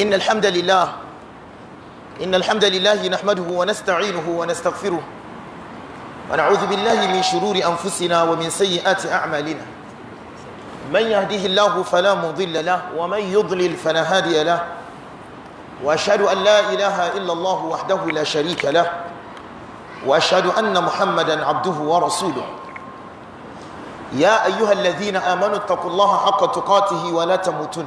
إن الحمد لله إن الحمد لله نحمده ونستعينه ونستغفره ونعوذ بالله من شرور أنفسنا ومن سيئات أعمالنا من يهديه الله فلا مضل له ومن يضلل فلا هادي له وأشهد أن لا إله إلا الله وحده لا شريك له وأشهد أن محمدا عبده ورسوله يا أيها الذين آمنوا اتقوا الله حق تقاته ولا تموتن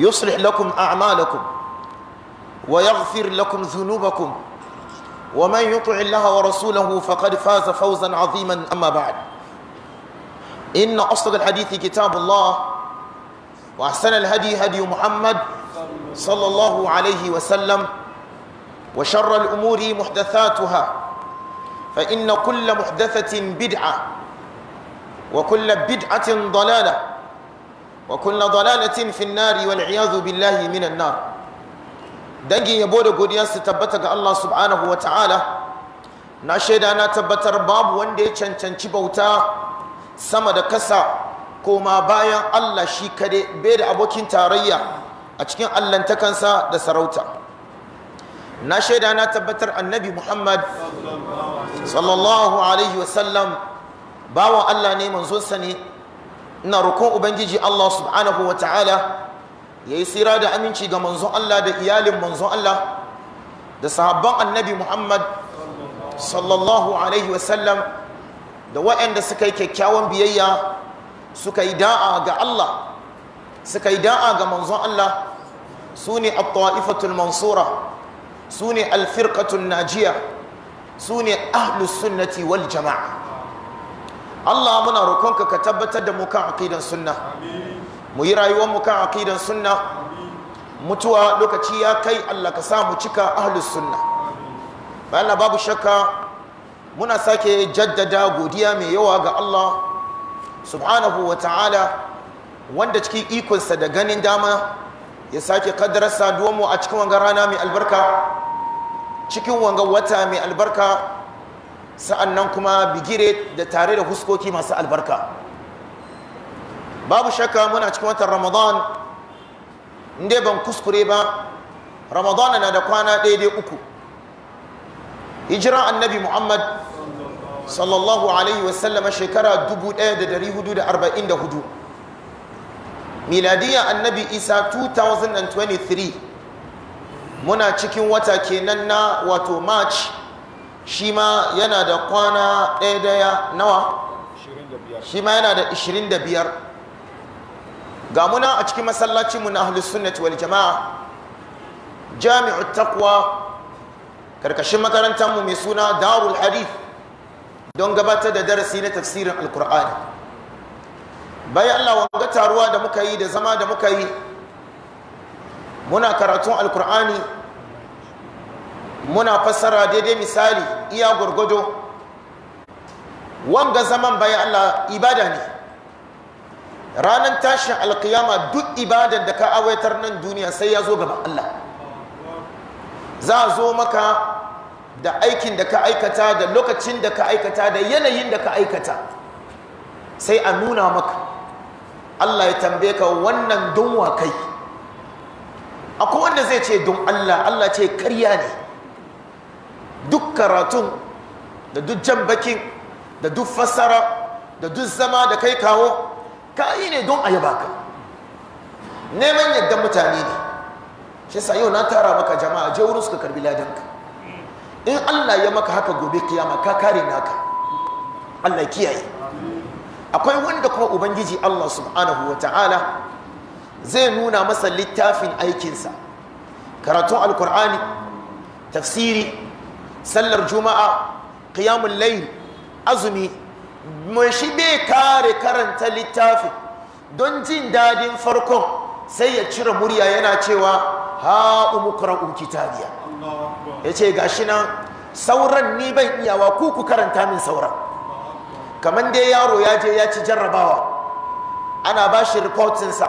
يصلح لكم أعمالكم ويغفر لكم ذنوبكم ومن يطع الله ورسوله فقد فاز فوزا عظيما أما بعد إن أصدق الحديث كتاب الله وأحسن الهدي هدي محمد صلى الله عليه وسلم وشر الأمور محدثاتها فإن كل محدثة بدعة وكل بدعة ضلالة وكل ضلالة في النار والعياذ بالله من النار dangin yabo da godiya su tabbata ga Allah subhanahu wa ta'ala na shaida na tabbatar babu wanda ya cancanci bauta sama da kasa koma bayan Allah shi kade bai da abokin tarayya a cikin takansa da sarauta na shaida na tabbatar annabi muhammad sallallahu alaihi wasallam bawan Allah ne manzonsa ne ina roƙo ubangiji Allah subhanahu wa ta'ala ya yi tsira da aminci ga manzon Allah da iyalin manzon Allah da sahabban annabi Muhammad sallallahu alaihi wasallam da waɗanda suka yi kyakkyawan biyayya suka yi da'a ga Allah suka yi da'a ga manzon Allah su ne al mansura su ne al najiya su ne ahlus sunnati wal jama'a Allah muna roƙonka ka tabbatar da mu kan aqidan sunna mu yi rayuwar mu kan aqidan sunna mutuwa lokaci ya kai Allah ka sa mu cika ahlus sunna bayan babu shakka muna sake jaddada godiya mai yawa ga Allah subhanahu wa ta'ala wanda cikin ikonsa da ganin dama ya sake kaddarar mu a cikin wanga rana mai albarka cikin wanga wata mai albarka sa'annan kuma bigire da tare da huskoki masu albarka babu shakka muna cikin watan ramadan inda ban kuskure ba ramadan na da kwana daidai uku hijiran annabi muhammad sallallahu alaihi wasallama shekara 1444 miladiyya annabi isa 2023 muna cikin wata kenan na wato march shi ma yana da kwana ɗaya daya nawa shi ma yana da 25 ga muna a cikin masallacinmu na ahlus sunnati wal jama'a jami'u taqwa karkashin makarantarmu mai suna darul hadith don gabatar da darasi na tafsirin alkur'ani bayan Allah wanga taruwa da muka yi da zama da muka yi muna karatun alkur'ani muna fassara daidai misali iya gwargwado wanga zaman baya Allah ibada ne ranar tashin alkiyama duk ibadan da ka awaitar nan duniya sai ya zo gaba Allah za a zo maka da aikin da ka aikata da lokacin da ka aikata da yanayin da ka aikata sai a nuna maka Allah ya tambaye ka wannan don kai akwai wanda zai ce don Allah Allah ce karya ne duk karatun da duk jan bakin da duk fassara da duk zama da kai kawo ka yi ne don a yaba ka neman yadda mutane ne shi sa yau na tara maka jama'a je wurin suka karbi ladanka in Allah ya maka haka gobe kiyama ka kare naka Allah kiyaye akwai wanda kuma ubangiji Allah subhanahu wa ta'ala zai nuna masa littafin aikinsa karatun alkur'ani tafsiri sallar juma'a kiyamun layi azumi mun shi bai kare karanta littafi don jin dadin farkon sai ya cire murya yana cewa ha umukra'u kitabiya yace gashi nan sauran ni ban iyawa ku karanta min sauran kamar dai yaro ya je ya ci jarrabawa ana ba shi rikotinsa.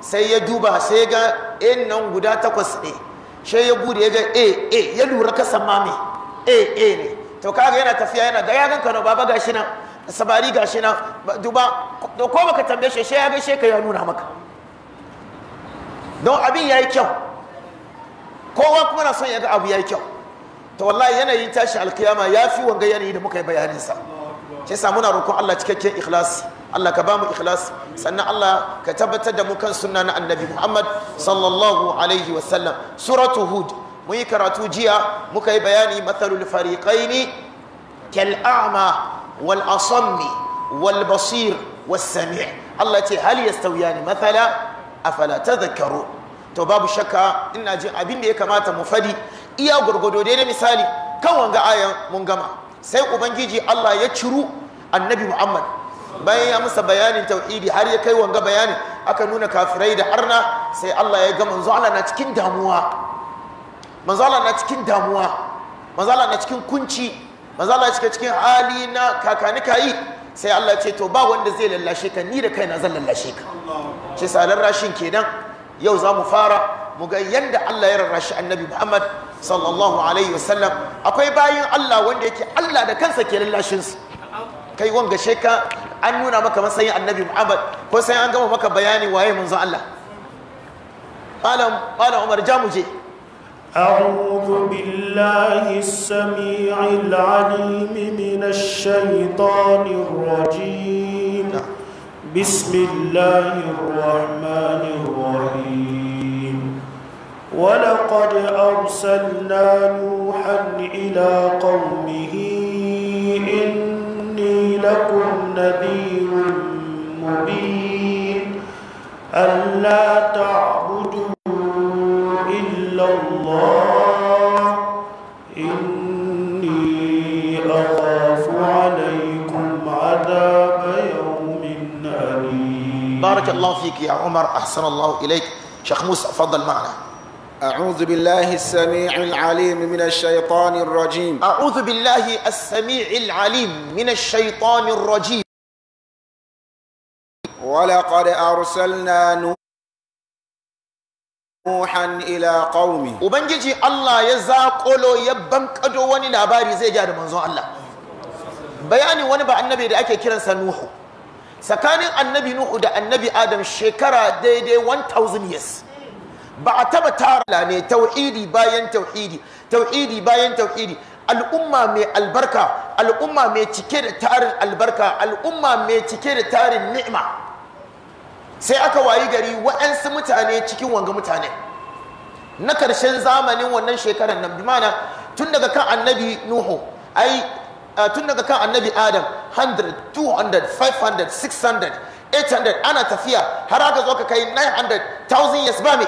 sai ya duba sai ga 'yan nan guda takwas ne sai ya bude ya ga a a ya lura kasan mame AA ne to kaga yana tafiya yana ga yagan Kano baba gashi nan sabari gashi nan duba da ko baka tambaye shi sai ya gaishe ka ya nuna maka don abin yayi kyau kowa kuma na son ya ga abu yayi kyau to wallahi yanayin tashi alkiyama ya fi wanga yanayi da muka yi bayaninsa shi yasa muna roƙon Allah cikakken ikhlasi Allah ka bamu ikhlas sannan Allah ka tabbatar da mu kan sunna na annabi Muhammad sallallahu alaihi wasallam suratu hud mun yi karatu jiya muka yi bayani matsalul fariƙaini kyal'ama wal asammi wal basir was sami' Allah ce hal yastawiya ne matsala afala tadhakkaru to babu shakka ina jin abin da ya kamata mu fadi iya gurgudo dai na misali kan wanga ayan mun gama sai ubangiji Allah ya ciru annabi Muhammad bayan ya masa bayanin tauhidi har ya kai wanga bayanin aka nuna kafirai da arna sai Allah ya ga manzo Allah na cikin damuwa manzala na cikin damuwa manzala na cikin kunci manzala cika cikin hali na kakani kayi sai Allah ce to ba wanda zai lallashe ka ni da kai na zan lallashe ka shi salar rashin kenan yau za mu fara mu ga yadda Allah ya rarrashi annabi Muhammad sallallahu alaihi wasallam akwai bayin Allah wanda yake Allah da kansa ke lallashin su kai wanga sheka an nuna maka matsayin annabi Muhammad ko sai an gama maka bayani waye manzo Allah malam malam Umar jamuje أعوذ بالله السميع العليم من الشيطان الرجيم نعم. بسم الله الرحمن الرحيم ولقد أرسلنا نوحا إلى قومه إني لكم نذير مبين ألا تعبدوا إلا الله إني أخاف عليكم عذاب يوم بارك الله فيك يا عمر أحسن الله إليك شيخ موسى فضل معنا أعوذ بالله السميع العليم من الشيطان الرجيم أعوذ بالله السميع العليم من الشيطان الرجيم ولقد أرسلنا نوح nuhan ila qaumi ubangiji Allah ya zaƙolo ya bankado wani labari zai ja da manzon Allah bayani wani ba annabi da ake kiransa nuhu tsakanin annabi nuhu da annabi adam shekara daidai 1000 years ba a taba tara ne tauhidi bayan tauhidi tauhidi bayan tauhidi al'umma mai albarka al'umma mai cike da tarin albarka al'umma mai cike da tarin ni'ima sai aka wayi gari wa'ansu mutane cikin wanga mutane na ƙarshen zamanin wannan shekarar nan bimana tun daga kan annabi nuhu ai tun daga kan annabi adam 100 200 500 600 800 ana tafiya har aka zo ka kai 900 1000 years ba me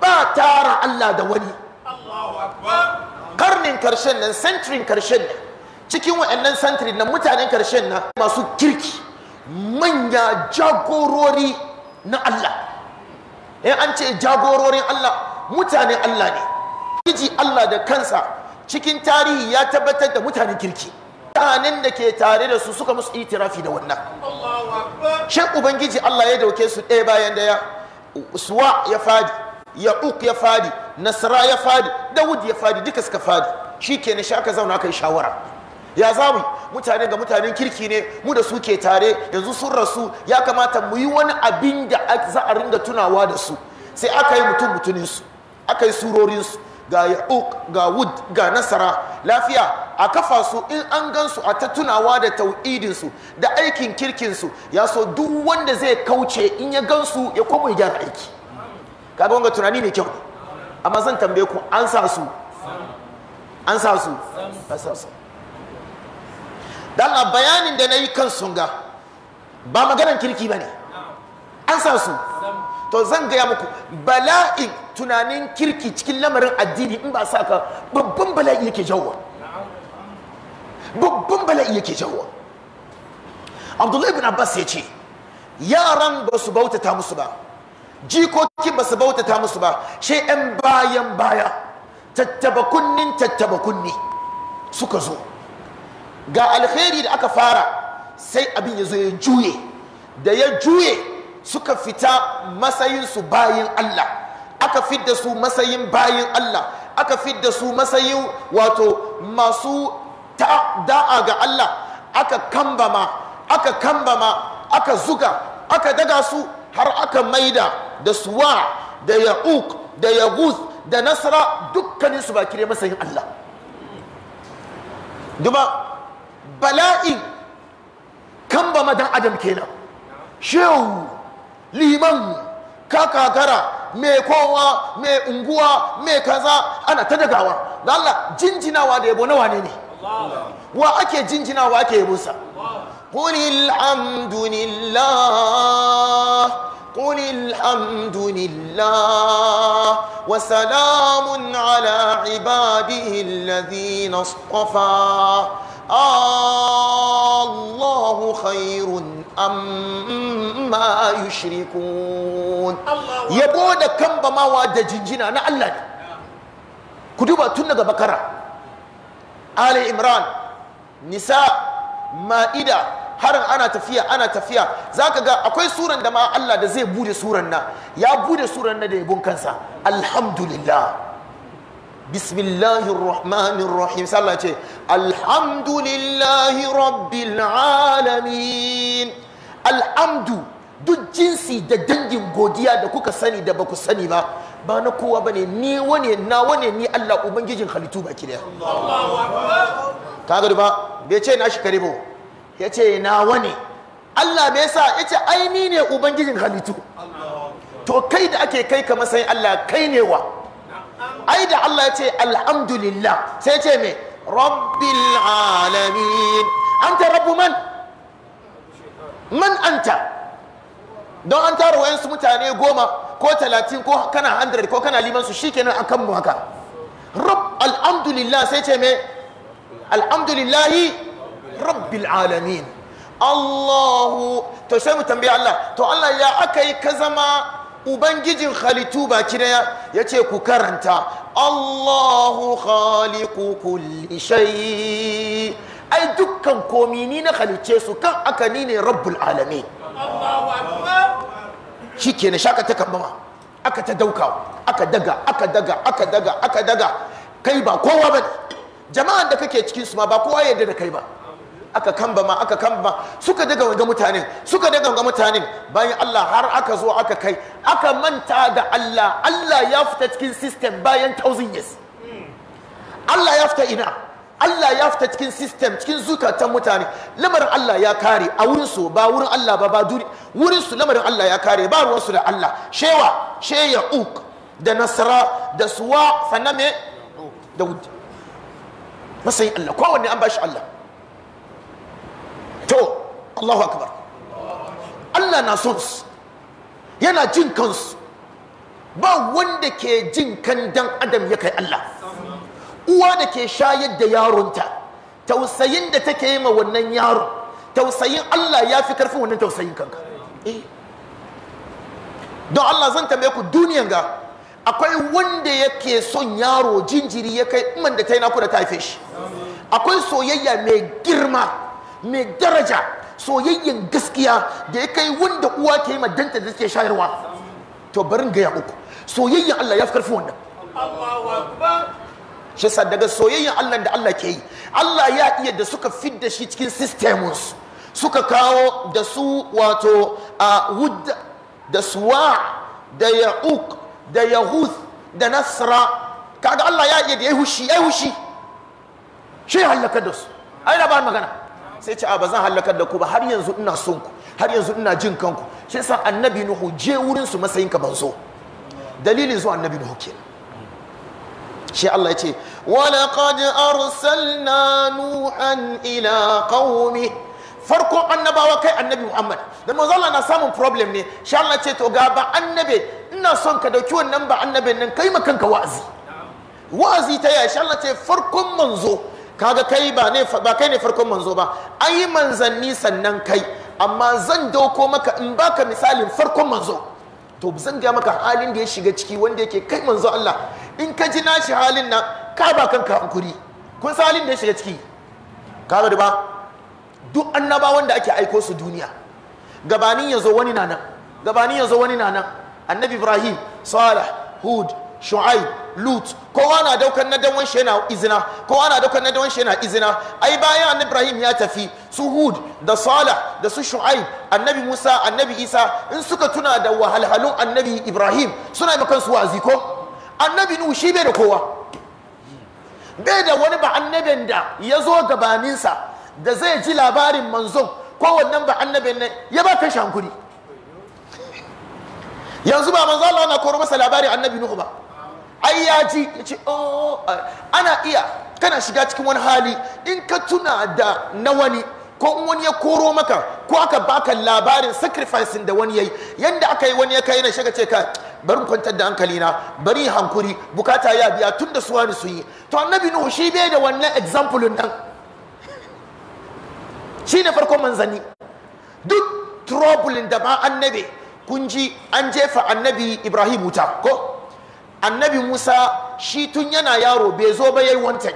ba tara Allah da wani karnin karshen nan centurin karshen nan cikin wa'annan centurin nan mutanen karshen nan masu kirki manya jagorori na Allah in an ce jagororin Allah mutanen Allah ne kiji Allah da kansa cikin tarihi ya tabbatar da mutanen kirki mutanen da ke tare da su suka musu itirafi da wannan shin ubangiji Allah ya dauke su ɗaya bayan daya suwa ya fadi Ya'uk ya fadi nasra ya fadi dawud ya fadi duka suka fadi shi shikenan shi aka zauna aka yi shawara ya za mu mutane ga mutanen kirki ne mu da su ke tare yanzu sun rasu ya kamata mu yi wani abin da za a ringa tunawa da su sai aka yi mutum mutuninsu aka yi surorinsu ga yaƙuk ga wud ga nasara lafiya a kafa su in an gan su a ta tunawa da ta'u'idinsu, da aikin kirkinsu ya so duk wanda zai kauce in ya gan su ya koma ya gyara aiki kaga wanga tunani ne kyau amma zan tambaye ku an sa su an sa su an sa su da Allah bayanin da na yi kan sunga ba maganan kirki ba ne an sa su to zan gaya muku bala'i tunanin kirki cikin lamarin addini in ba sa ka babban bala'i yake jawwa babban bala'i yake jawwa abdullahi bin abbas ya ce yaran ba su bautata musu ba jikoki ba su bautata musu ba shi 'yan bayan baya tattaba kunnin tattaba kunni suka zo ga alheri da aka fara sai abin ya zo ya juye da ya juye suka fita matsayinsu bayan Allah aka fidda su matsayin bayan Allah aka fidda su matsayin wato masu da'a ga Allah aka kambama aka kambama aka zuga aka daga su har aka maida da suwa da ya'uk da yaguz da nasara dukkaninsu ba kire matsayin Allah bala'in kan ba madan adam kenan shehu liman kakakara mai kowa mai unguwa mai kaza ana ta dagawa da Allah jinjinawa da yabo na wane ne wa ake jinjinawa ake yabonsa قل الحمد لله قل الحمد لله وسلام على عباده الذين اصطفى الله خير أما يشركون da kan da jinjina na Allah ne ku duba tun daga bakara ali imran nisa ma'ida harin ana tafiya ana tafiya zaka ga akwai suran da ma Allah da zai bude suran na ya bude suran na da yabon kansa alhamdulillah bismillahir rahmanir rahim sallah ce alhamdulillahi rabbil alamin alhamdu duk jinsi da dangin godiya da kuka sani da baku sani ba ba na kowa bane ni wane na wane ni Allah ubangijin halittu baki daya kaga ba bai ce na shi karibo ya ce na wane Allah me sa ya ce ai ni ne ubangijin halittu to kai da ake kai ka matsayin Allah kai ne wa ai da Allah ya ce alhamdulillah sai ce me rabbil alamin anta rabu man man anta don an tara wayansu mutane goma ko talatin ko kana hundred ko kana liman su shikenan a kanmu haka rab alhamdulillah sai ce mai alhamdulillahi rabbil alamin Allahu to sai mu tambaye Allah to Allah ya aka yi ka zama ubangijin halittu baki daya ya ce ku karanta allahu khaliku kulli shay ai dukkan Komini na halice su kan aka ni ne rabbul alami shi ke na shaka ta kambama aka ta dauka aka daga aka daga aka daga aka daga kai ba kowa ba jama'an da kake cikin su ma ba kowa yadda da kai ba aka ma aka ma suka daga ga mutanen suka daga ga mutanen bayan Allah har aka zo aka kai aka manta da Allah Allah ya fita cikin system bayan 1000 years Allah ya fita ina Allah ya fita cikin system cikin zukatan mutane lamarin Allah ya kare a wurin su ba wurin Allah ba ba duri wurin su lamarin Allah ya kare ba ruwan su da Allah shewa sheya uk da nasara da suwa faname da wudi masai Allah kowanne an bashi Allah to Allahu akbar Allah na sons yana jin kansu ba wanda ke jin kan dan adam ya kai Allah uwa da ke shayar da yaronta tausayin da take yi ma wannan yaro tausayin Allah ya fi karfin wannan tausayin kanka eh. don Allah zan tambaye ku duniyan ga akwai wanda yake son yaro jinjiri ya kai man da ta yi naku da ta haife shi akwai soyayya mai girma mai daraja soyayyen gaskiya da ya kai wanda uwa ke yi danta da suke shayarwa to barin gaya uku soyayyen Allah ya fi karfi wannan shi sa daga soyayyen Allah da Allah ke yi Allah ya iya da suka fit da shi cikin systems suka kawo da su wato a wud da suwa da ya'uk da yahuth da nasra kaga Allah ya iya da ya yi hushi ya yi hushi shi halaka da su ai na ba magana sai ce a ba zan halakar da ku ba har yanzu ina son ku har yanzu ina jin kanku shi yasa annabi nuhu je wurin su matsayin ka banzo dalilin zuwa annabi nuhu kenan shi Allah ya ce walaqad arsalna nuhan ila qaumi farkon annabawa kai annabi Muhammad da manzo Allah na samun problem ne shi Allah ce to ga ba annabe ina son ka dauki wannan ba annabin nan kai makanka wa'azi wa'azi ta ya shi Allah ce farkon manzo kaga kai ba ne ba kai ne farkon manzo ba An yi manzanni sannan kai amma zan dauko maka in baka misalin farkon manzo to zan ga maka halin da ya shiga ciki wanda yake kai manzo Allah in ka ji nashi halin nan ka ba kanka hankuri kun san halin da ya shiga ciki ka ga ba duk annaba wanda ake aiko su duniya gabanin yazo wani na nan gabanin yazo wani na nan annabi Ibrahim Salah Hud Shu'aib lut kowa ana daukar na dan wanshi yana izina kowa ana daukar na dan wanshi yana izina ai bayan annabi ibrahim ya tafi su hud da salah da su shu'aib annabi musa annabi isa in suka tuna da wahalhalun annabi ibrahim suna ga kansu wazi ko annabi nuhu shi bai da kowa bai da wani ba annabin da ya zo gabaninsa da zai ji labarin manzon wannan ba annabin nan ya ba kan shankuri yanzu ba manzo Allah na koro masa labarin annabi nuhu ba ai ya ji ya ce oh, ana iya kana shiga cikin wani hali in ka tuna da na wani ko wani ya koro maka ko aka baka labarin sacrificing da wani ya yi. Yadda aka yi wani ya kai na shiga ce ka bari kwantar da hankali na bari hankuri bukata ya biya tun da ni su yi to annabi nuhu shi bai da wannan example nan shi ne farko manzanni duk troubling da ba annabi kun ji an jefa annabi ibrahim wuta ko annabi musa shi tun yana yaro bai zo ba yayi wanted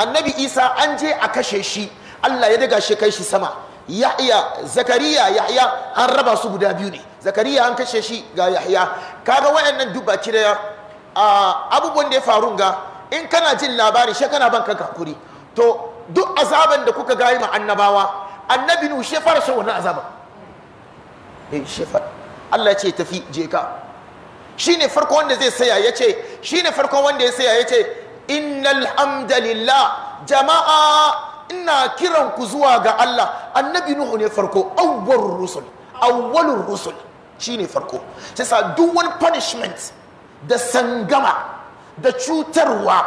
annabi isa an je a kashe shi allah ya daga shi kai shi sama yahya zakariya yahya an raba su guda biyu ne zakariya an kashe shi ga yahya kaga wayannan duk baki da abubuwan da ya faru ga in kana jin labari shi kana ban kanka hakuri to duk azaban da kuka gayi ma annabawa annabi nu shi fara shan wannan azaban eh, Allah ya ce tafi je ka shine farko wanda zai saya yace shine farko wanda ya saya yace innal hamdalillah jama'a ina kiran ku zuwa ga Allah annabi nuhu ne farko awwal rusul awwalur rusul shine farko sai sa duk wani punishment da sangama da cutarwa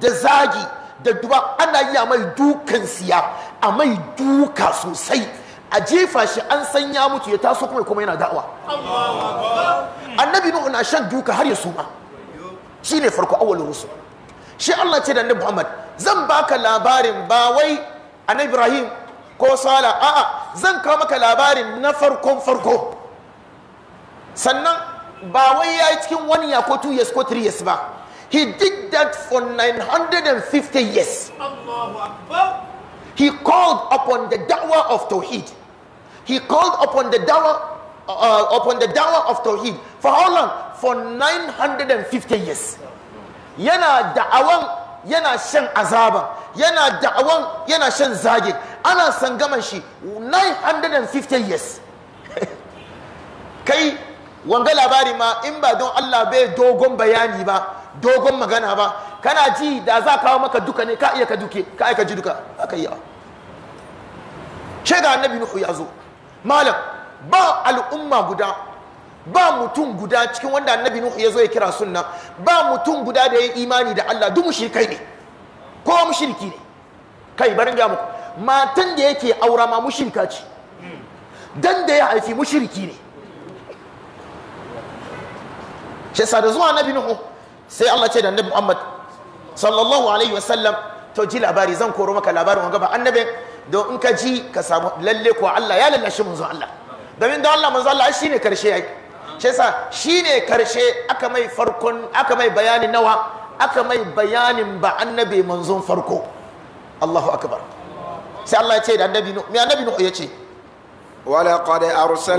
da zagi da duba ana yi a mai dukan siya a mai duka sosai a jefa shi an san ya mutu ya taso kuma kuma yana da'awa annabi nuhu na shan duka har ya suma shine farko awwalur rusul shi Allah ce da annabi Muhammad zan baka labarin ba wai annabi Ibrahim ko Sala a'a zan kawo maka labarin na farkon farko sannan ba wai yayi cikin one ya ko 2 years ko three years ba he did that for 950 years he called upon the da'wah of tawhid he called upon the da'wah Uh, uh, upon the dawah of tauhid for how long for 950 years yana da'awan yana shan azaban yana da'awan yana shan zagin ana sangaman shi 950 years kai wanga labari ma in ba don Allah bai dogon bayani ba dogon magana ba kana ji da za kawo maka duka ne ka iya ka duke ka ji duka aka yi ce ga annabi nuhu ya zo malam ba al'umma guda ba mutum guda cikin wanda annabi nuhu ya zo ya kira sunna ba mutum guda da ya yi imani da Allah duk mushrikai ne ko mushriki ne kai barin ga muku matan da yake aura ma mushrika ce dan da ya haifi mushriki ne shi sa da zuwa annabi nuhu sai Allah ce da annabi Muhammad sallallahu alaihi wa sallam to ji labari zan koro maka labarin wanga ba annabin don in ka ji ka samu lalle ko Allah ya lallashi mun zo Allah domin don Allah manzo Allah shine karshe yi shi yasa shine karshe aka mai farkon aka mai bayani nawa aka mai bayanin ba annabi manzon farko Allahu akbar sai Allah ya ce da annabi nu me annabi nu ya ce ولقد allah ce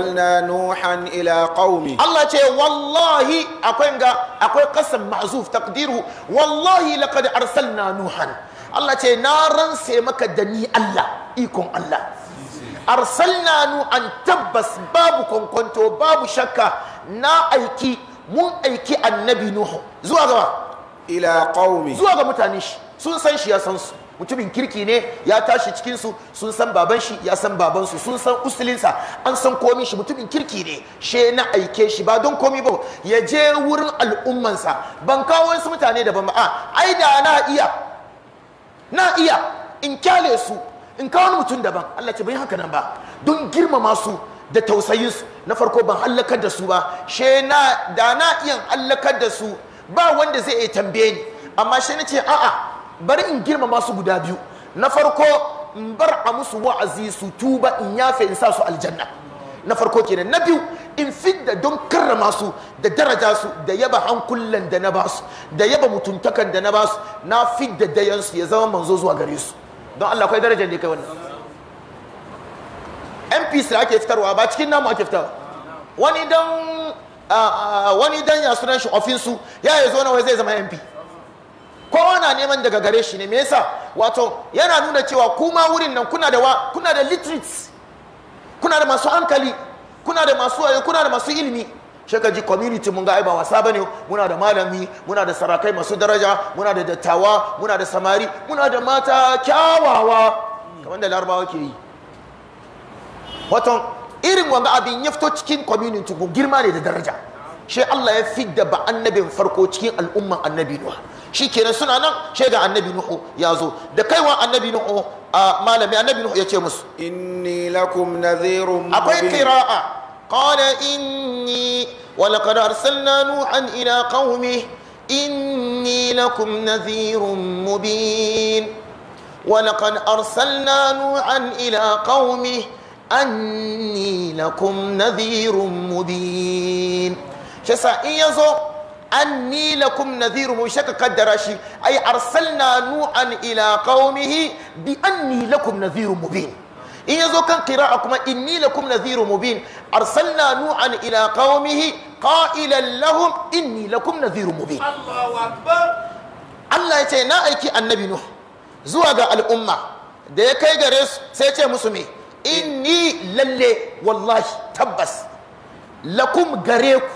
إلى akwai الله تي والله أكوين أكوين قسم معزوف تقديره nuhan allah ce na ran sai maka da ni allah إيكم allah. arsalna nu an tabbas babu kwankwanto babu shakka na aiki mun aiki annabi nuhu zuwa gaba ila qaumi zuwa ga mutane shi sun san shi ya san su mutumin kirki ne ya tashi cikin su sun san baban shi ya san baban su sun san usulinsa an san komi shi mutumin kirki ne she na aike shi ba don komi ba ya je wurin al'ummansa ban kawo wasu mutane daban ba a ai da na iya na iya in kyale su in ka wani mutum daban Allah ce bai haka nan ba don girmama su da tausayin su na farko ban hallakar da su ba she na da na iya hallakar da su ba wanda zai iya tambaye ni amma she na ce a'a bari in girmama su guda biyu na farko in bar a musu wa'azi su tuba in yafe in sa su aljanna na farko kenan na biyu in fidda don karrama su da daraja su da yaba hankulan da na ba su. da yaba mutuntakan da na ba su. na fidda su ya zama manzo zuwa gare su don Allah kai darajar ne kai wannan mp da ake fitarwa ba cikin namu ake fitarwa wani dan wani dan ya sunan shi su ya yi zo na wai zai zama mp kowa na neman daga gare shi ne me yasa wato yana nuna cewa kuma wurin nan kuna da wa kuna da literates kuna da masu hankali kuna da masu kuna da masu ilimi shaka ji community mun ga ai ba wasa bane muna da malami muna da sarakai masu daraja muna da dattawa muna da samari muna da mata kyawawa kamar da larabawa ke yi watan irin wanga abin ya fito cikin community ko girma ne da daraja shi Allah ya fi da ba annabin farko cikin al'umman annabi Nuhu shi kenan suna nan shi ga annabi Nuhu ya zo da kaiwa annabi Nuhu a malami annabi Nuhu ya ce musu inni lakum nadhirun akwai qira'a qala inni ولقد أرسلنا نوحا إلى قومه إني لكم نذير مبين ولقد أرسلنا نوحا إلى قومه أني لكم نذير مبين شسا إن يزو أني لكم نذير مشك قدرشي أي أرسلنا نوحا إلى قومه بأني لكم نذير مبين in ya zo kan kira a kuma inni lakum naziru mubin arsalna nu'an ila qaumihi qa'ila lahum inni lakum naziru mubin Allahu Allah ya ce na aiki annabi nuh zuwa ga al'umma da ya kai gare su sai ce musu me inni lalle wallahi tabbas lakum gare ku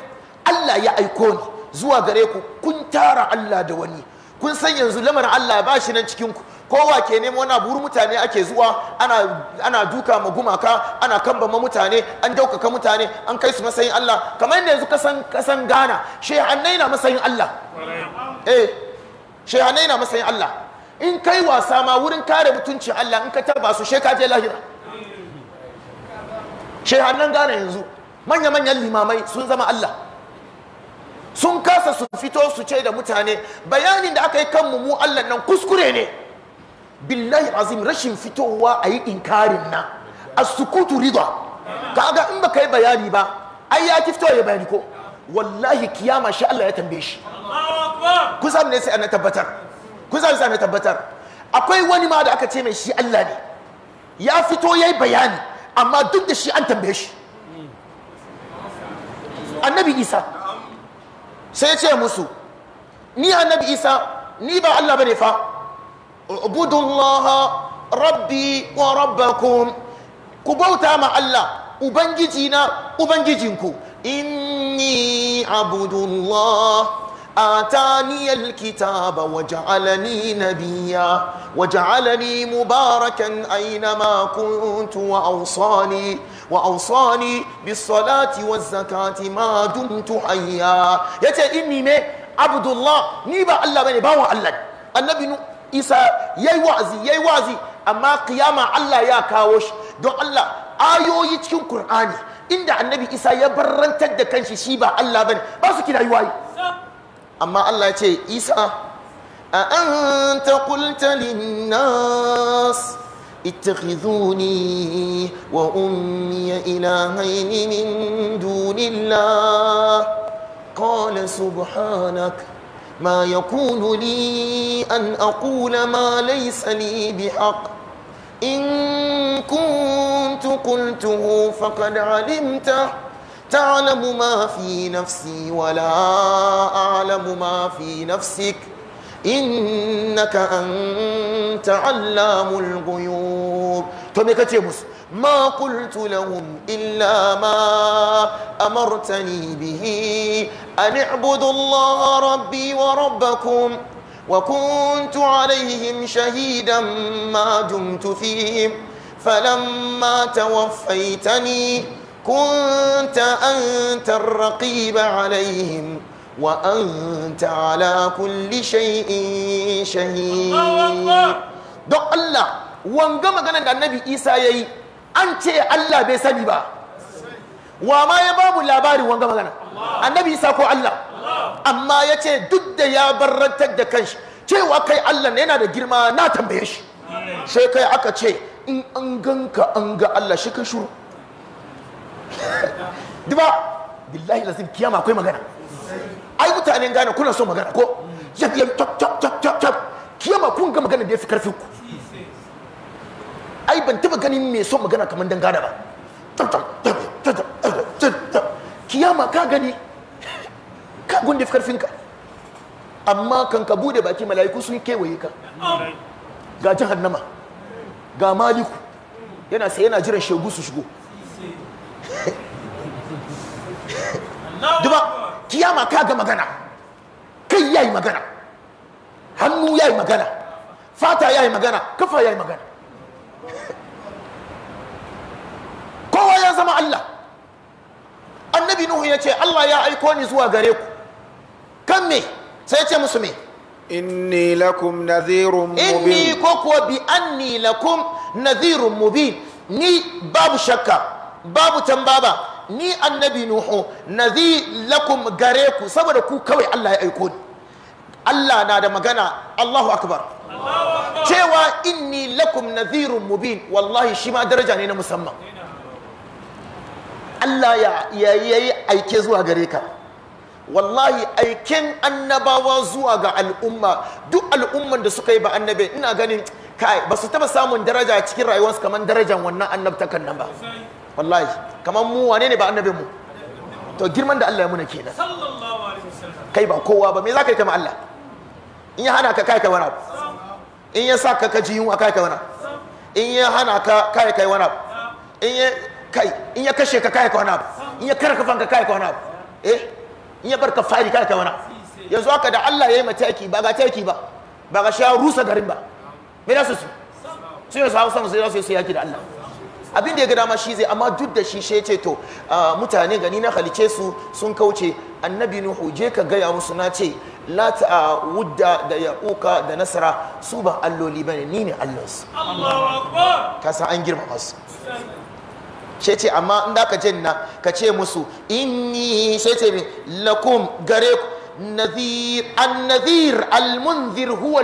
Allah ya aiko ni zuwa gare ku kun tara Allah da wani kun san yanzu lamarin Allah ba shi nan cikin ku kowa ke nemo na buru mutane ake zuwa ana ana duka ma gumaka ana kamba ma mutane an daukaka mutane an kai su masayin Allah kamar yadda yanzu kasan kasan Ghana shehannai na masayin Allah eh shehannai na masayin Allah in kai wasa ma wurin kare mutuncin Allah in ka taba su she ka je lahira shehannan Ghana yanzu manya manyan limamai sun zama Allah sun kasa su fito su ce da mutane bayanin da aka yi kanmu mu Allah nan kuskure ne billahi azim rashin fitowa a yi inkarin na a sukutu rida kaga in baka yi bayani ba ai ya ki fito ya bayani ko wallahi kiyama shi Allah ya tambaye shi kusa ne sai ana tabbatar kusa sai an tabbatar akwai wani ma da aka ce mai shi Allah ne ya fito yayi bayani amma duk da shi an tambaye shi annabi Isa sai ya ce musu ni annabi Isa ni ba Allah bane fa اعبدوا الله ربي وربكم كبوتا مع الله وبنجينا Allah اني عبد الله آتاني الكتاب وجعلني نبيا وجعلني مباركا أينما كنت وأوصاني وأوصاني بالصلاة والزكاة ما دمت حيا يتي إني عبد الله نيبا الله بني باو الله النبي isa yayi wa'azi yayi wa'azi amma kiyama Allah ya kawo shi don Allah ayoyi cikin Kur'ani inda annabi Isa ya barrantar da kanshi shi ba Allah bane ba su kira yi. amma Allah ya ce Isa a an ta lin-nas ittakhidhuni wa ila ilahayn min dunillah qala subhanaka ما يكون لي أن أقول ما ليس لي بحق إن كنت قلته فقد علمته تعلم ما في نفسي ولا أعلم ما في نفسك إنك أنت علام الغيوب فمكتبس ما قلت لهم إلا ما أمرتني به أن اعبدوا الله ربي وربكم وكنت عليهم شهيدا ما دمت فيهم فلما توفيتني كنت أنت الرقيب عليهم وأنت على كل شيء شهيد الله الله وانقم قنا النبي إيسا يي an ce Allah bai sani ba wa ma ya babu labarin wanga magana annabi isa ko Allah amma ya ce duk da ya barrantar da kanshi cewa kai Allah ne yana da girma na tambaye shi sai kai aka ce in an ganka an ga Allah shi ka shuru duba billahi lazim kiyama akwai magana ai mutanen gane kuna so magana ko yab yab tap tap tap tap kiyama kun ga magana da ya fi karfin ku ai ban taba ganin mai son magana kamar dangana ba kiyama ka gani ka gunde karfinka amma kan ka bude baki mala'iku sun kewaye ka ga jahannama ga maliku yana sai yana jiran shegu su shigo duba kiyama ka ga magana kai yayi magana hannu yayi magana fata yayi magana kafa yayi magana kowa ya zama Allah annabi nuhu ya ce Allah ya aiko ni zuwa gare ku kan me sai ce musu me inni lakum nadhirun mubin inni ko kuwa bi anni lakum nadhirun mubin ni babu shakka babu tambaba ni annabi nuhu nadhi lakum gare ku saboda ku kawai Allah ya aiko ni Allah na da magana Allahu akbar cewa inni lakum nadhirun mubin wallahi shi ma daraja ne na musamman Allah ya yayi aike zuwa gare ka wallahi aiken annabawa zuwa ga al'umma duk al'umman da suka yi ba annabe ina ganin kai ba su taba samun daraja cikin rayuwarsu kamar darajar wannan kan nan ba wallahi kamar mu wane ne ba annabe mu to girman da Allah ya muna kenan kai ba kowa ba me za ka yi ma Allah in ya hana ka kai kai wani in ya sa ka ji yunwa kai kai wani in ya hana ka kai kai wani in ya kai in ya kashe ka kai ka wani abu in ya kara kafan ka kai ka wani abu eh in ya barka fari kai ka wani abu yanzu haka da Allah ya yi mataki ba ga taki ba ba ga sha rusa garin ba me da su su sun yi sahabu sama sai za su yi su yaki da Allah abin da ya gada ma shi zai amma duk da shi shi ce to ah, mutane gani na halice su sun kauce annabi nuhu je ka gaya musu na ce la ta wudda da ya'uka da nasara su ba alloli bane ni ne allansu ka san an girma masu she ce amma in da ka janna ka ce musu inni she ce min lakum gare ku nadhir an-nadhir huwa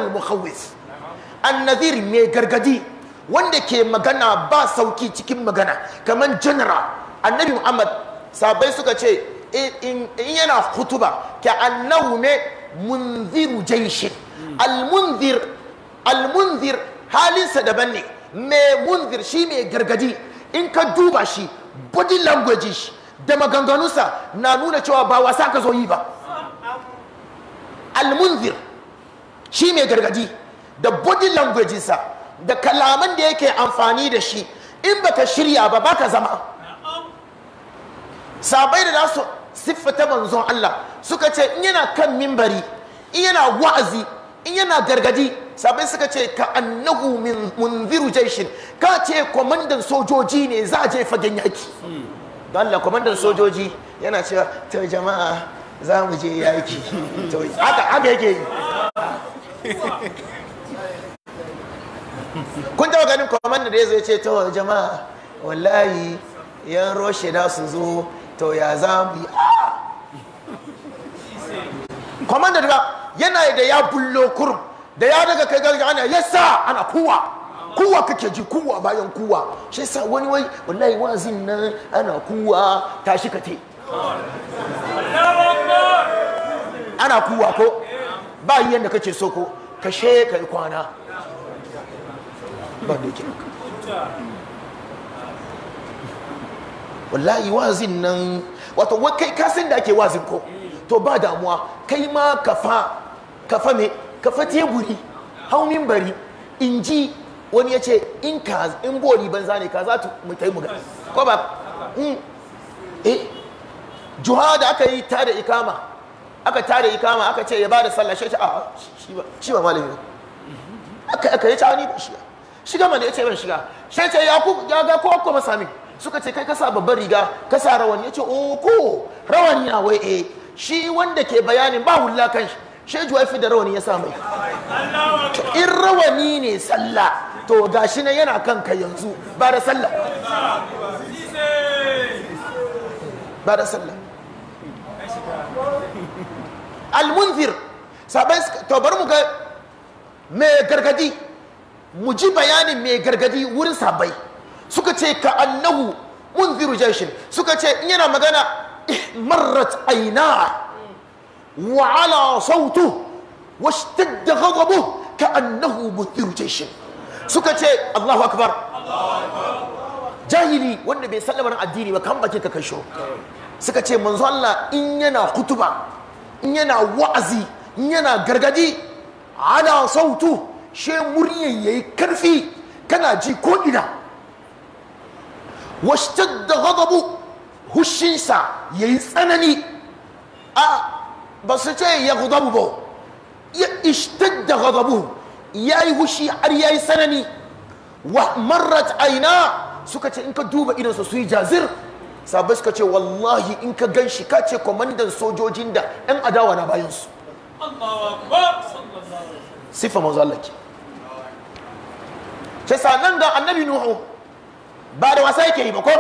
an mai gargadi wanda ke magana ba sauki cikin magana kamar general annabi muhammad sabai suka ce in yana hutuba ka annahu me munziru jaishin almunzir almunzir halinsa daban ne mai munzir shi mai gargadi in ka duba shi body language shi da maganganunsa na nuna cewa ba wasa ka zo yi ba almunzir shi mai gargadi da body language sa da kalaman da yake amfani da shi in baka shirya ba baka zama sabai da nasu siffata manzon Allah suka ce in yana kan mimbari in yana wa'azi in yana gargadi sabai suka ce ka annahu munziru jaishin ka ce kwamandan sojoji ne za a je fagen yaki don Allah kwamandan sojoji yana cewa ta jama'a za mu je yaki haka haka yake yi kun taɓa ganin kwamandan da ya zai ce ta jama'a wallahi yan roshe da su zo to ya za mu yi kwamandan ba yana da ya bullo kurum da ya daga kai garga ana yasa ana kuwa kuwa kake ji kuwa bayan kuwa shi yasa wani wai wallahi wazin nan ana kuwa tashi ka te ana kuwa ko ba yanda kace so ko ka she kai kwana ba da yake wallahi wazin nan wato kai kasin da ake wazin ko to ba damuwa kai ma kafa kafa me ka fa teburi hau bari in ji wani ya ce in ka in bori ban zane ka za mu tai mu ga ko ba mm. eh juha da aka yi ta da ikama aka ta da ikama aka ce ya bada sallah shi a ah, shi ba malami ne aka aka yi tawani ba shiga shiga mana ce ban shiga shi ce ya ku ya ga ko ko masami suka ce kai kasa babbar riga kasa rawani ce oh ko rawani ya wai eh shi wanda ke bayanin ba hulla kan shi sheju ya fi da rawani ya sa mai to in rawani ne sallah to gashi na yana kanka yanzu ba da sallah ba da sallah almunzir sabai to bar mu ga mai gargadi mu ji bayanin mai gargadi wurin sabai suka ce ka annahu munziru jashin suka ce in yana magana marrat aina وعلى صوته واشتد غضبه كأنه مثير جيش سكتي الله أكبر jahili wanda bai san lamarin addini ba kan bakin ka kai shiru suka ce manzo Allah in yana kutuba in yana wa'azi in yana gargadi ala sautu she muryan yayi karfi kana ji ko'ina, ina washtadda ghadabu hushinsa yayi tsanani ba su ce ya gudabu ba ya da gudabu ya yi hushi har ya yi sanani wa marrat aina suka ce in ka duba idansu su yi jazir sabai suka ce wallahi in ka gan shi ka ce kwamandan sojojin da 'yan adawa na bayansu sifa mazallaki ce sanan ga annabi nuhu ba da wasa yake yi ba ko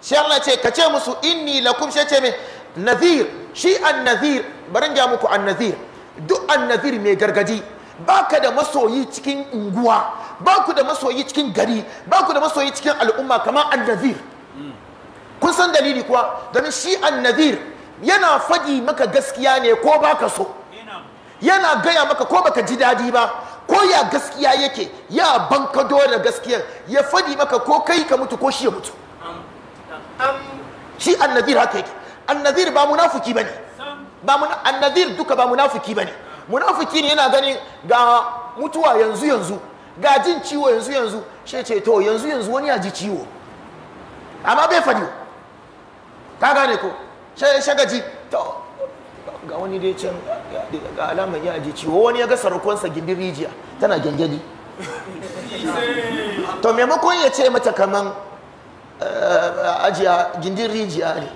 shi Allah ce ka ce musu inni lakum shi ce mai nazir shi annazir barin ja muku annazir duk annazir mai gargadi baka da masoyi cikin unguwa baku da masoyi cikin gari baku da masoyi cikin al'umma kamar annazir kun san dalili kuwa domin shi nazir yana fadi maka gaskiya ne ko baka so yana gaya maka ko baka ji dadi ba ko ya gaskiya yake ya bankado da gaskiyar ya fadi maka ko kai ka mutu ko shi ya mutu shi annazir haka yake annadir ba munafiki bane ba mun annadir duka ba munafiki bane munafiki ne yana ganin ga mutuwa yanzu yanzu ga jin ciwo yanzu yanzu shi ce to yanzu yanzu wani ya ji ciwo amma bai fadi ka gane ko shagaji to ga wani dai can ga alamar ya ji ciwo wani ya ga sarakonsa gindin rijiya tana gyangyaji to maimakon ya ce mata kaman ajiya gindin rijiya ne